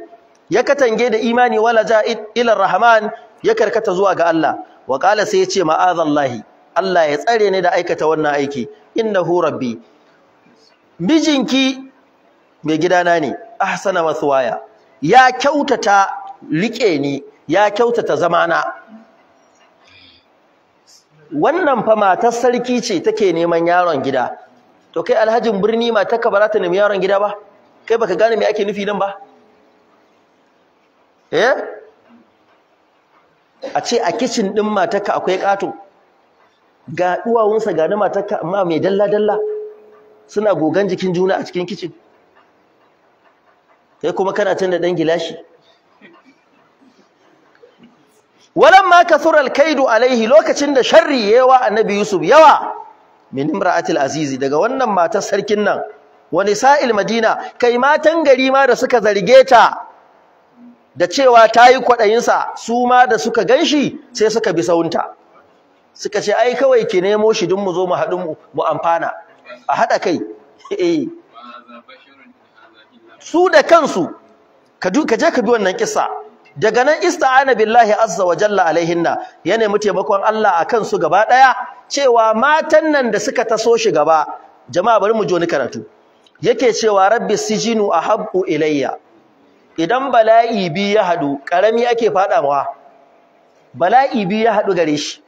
ya katange da imani wala ja'id ila rahman ya karkata zuwa ga Allah wa qala sai yace ma'azallahi Allah ya tsare ni da aikata wannan aiki innahu rabbi mijinki mai gidana ne masu waya. ya kyautata rike ni ya kyautata zamana wannan fa matar sarki ce take neman yaron gida to kai alhajin birni matarka ba za ta nemi yaron gida ba kai baka gane me ake nufi nan ba eh a ce a kicin din matarka akwai kato ga duwawunsa ga na matarka amma mai dalla dalla suna gogan jikin juna a cikin kicin kai kuma kana can da dan gilashi ma kathura alkaidu alaihi lokacin da sharri yawa annabi yusuf yawa min imra'atil azizi daga wannan matar sarkin nan wa nisa'il madina kai matan gari ma da suka zarge ta da cewa tayi kwadayin sa su ma da suka ganshi sai suka bi saunta suka ce ai kawai ki nemo shi dun mu zo mu haɗu mu amfana a haɗa kai eh. su da kansu ka je ka bi wannan kissa daga nan ista'ana billahi azza wa jalla alaihinna ya nemi taimakon Allah a kansu gaba ɗaya cewa matan nan da suka taso shi gaba jama'a bari mu joni karatu yake cewa rabbi sijinu ahabbu ilayya idan bala'i bi ya haɗu ƙarami ake faɗawa bala'i bi ya haɗu gare shi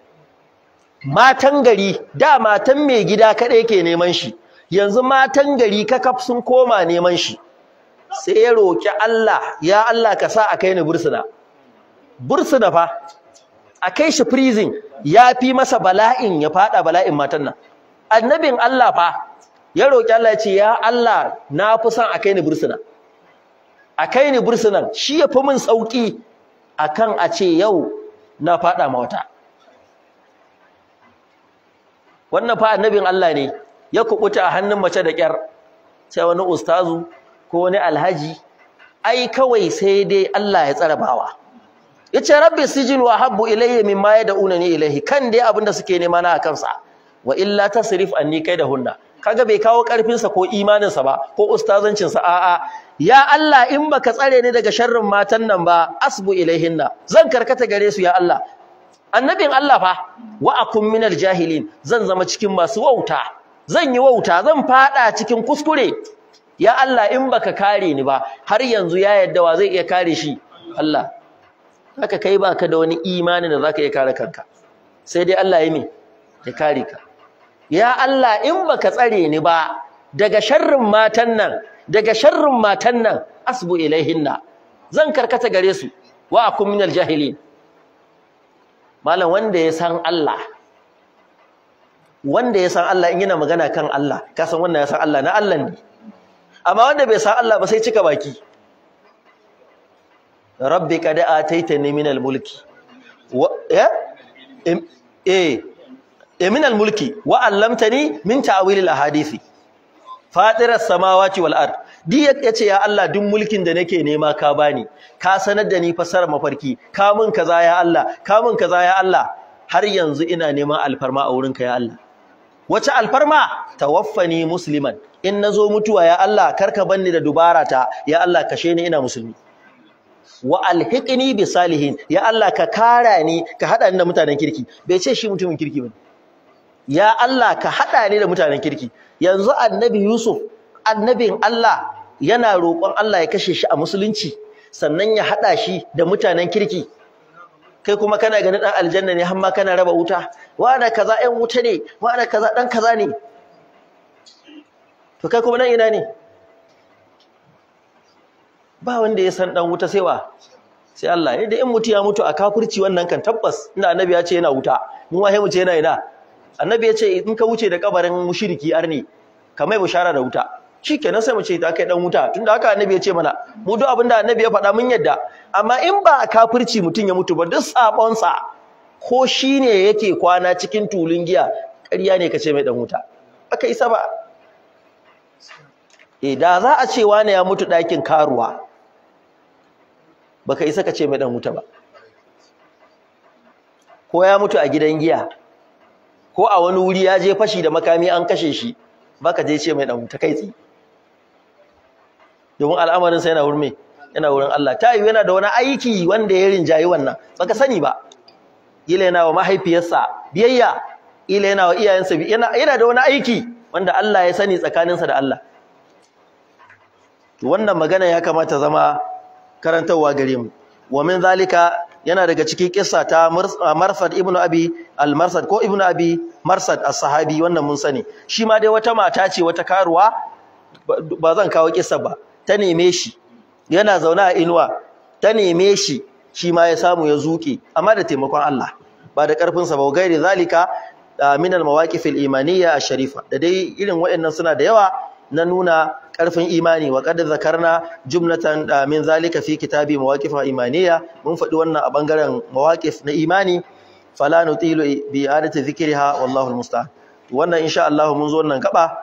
matan gari da matan mai gida kaɗai ke neman shi yanzu matan gari kakaf sun koma neman shi sai ya roƙi Allah ya Allah ka sa a kai ni bursuna bursuna fa a kai shi prison ya fi masa bala'in ya faɗa bala'in matan nan annabin Allah fa ya roƙi Allah ya ce ya Allah na fi son a kai ni bursuna a kai ni bursunan shi ya fi min sauƙi akan a ce yau na faɗa ma wata wannan fa annabin Allah ne ya kubuta a hannun mace da kyar sai wani ustazu ko wani alhaji ai kawai sai dai Allah ya tsara bawa yace rabbi sijil wa habbu ilayya mimma ne ilayhi kan dai abinda suke nema na kansa wa illa tasrif anni kai da hunna kaga bai kawo karfin sa ko imanin sa ba ko ustazancin sa a'a ya Allah in baka tsare ni daga sharrin matan nan ba asbu ilaihinna zan karkata gare su ya Allah annabin Allah fa wa akum minal jahilin zan zama cikin masu wauta zan yi wauta zan fada cikin kuskure ya Allah in baka kare ni ba har yanzu ya yadda wa zai iya kare shi Allah haka kai baka da wani imani da zaka iya kare kanka sai dai Allah ya me ya kare ka ya Allah in baka tsare ni ba daga sharrin matan nan daga sharrin matan nan asbu ilaihinna zan karkata gare su wa akum minal jahilin malam wanda ya san Allah wanda ya san Allah in yana magana kan Allah ka san wannan ya san Allah na Allah ne amma wanda bai san Allah ba sai cika baki rabbi qad ataita ni al-mulki ya eh eh min al-mulki wa allamtani min ta'wil al-ahadisi fatir samawati wal ard duk ya ce ya Allah duk mulkin da nake nema ka bani ka sanar da ni fasara mafarki ka mun kaza ya Allah ka mun kaza ya Allah har yanzu ina neman alfarma a wurinka ya Allah wace alfarma tawaffani musliman in nazo mutuwa ya Allah karka banni da dubara ta ya Allah kashe ni ina musulmi wa alhikini bi salihin ya Allah ka kara ni ka hada ni da mutanen kirki bai ce shi mutumin kirki ba. ya Allah ka hada ni da mutanen kirki yanzu annabi Yusuf annabin Allah yana roƙon Allah ya kashe shi a musulunci sannan ya haɗa shi da mutanen kirki kai kuma kana ganin ɗan aljanna ne har ma kana raba wuta wa'ana kaza ɗan wuta ne wa'ana kaza ɗan kaza ne to kai kuma nan ina ne ba wanda ya san ɗan wuta sai wa sai Allah yadda in mutu ya mutu a kafirci wannan kan tabbas inda annabi ya ce yana wuta mun wahe mu ce yana ina annabi ya ce in ka wuce da kabarin mushriki arni mai bushara da wuta kenan sai mu ce ta kai dan wuta tunda haka annabi ya ce mana mu duk abinda annabi ya faɗa mun yadda amma in ba a kafirci mutum ya mutu ba duk sabonsa ko shine yake kwana cikin tulun giya ƙarya ne kace mai dan wuta aka isa ba E, da za a ce wani ya mutu ɗakin karuwa baka isa kace mai dan wuta ba ko ya mutu a gidan giya ko a wani wuri ya je fashi da makami an kashe shi baka je ce mai dan wuta kai tsi domin al'amarin sa yana wurin me yana wurin Allah ta yi yana da wani aiki wanda ya rinjayi wannan baka sani ba ila yana wa mahaifiyarsa biyayya ila yana wa iyayensa yana yana da wani aiki wanda Allah ya sani tsakaninsa da Allah wannan magana ya kamata zama karantarwa gare mu wa min zalika yana daga cikin kissa ta Marsad ibn Abi al-Marsad ko ibn Abi Marsad as-Sahabi wannan mun sani shi ma dai wata mata ce wata karuwa ba zan kawo kissa ba ta neme shi yana zaune a inuwa ta neme shi shi ma ya samu ya zuke amma da taimakon Allah ba da karfin sa ba gairi zalika min al-mawaqif al-imaniyya ash-sharifa da dai irin waɗannan suna da yawa na nuna ƙarfin imani wa qad zakarna jumlatan min zalika fi kitabi mawaqif al-imaniyya mun faɗi wannan a bangaren mawaqif na imani fala nutilu bi i'adati dhikriha wallahu al-musta'an wannan insha Allah mun zo wannan gaba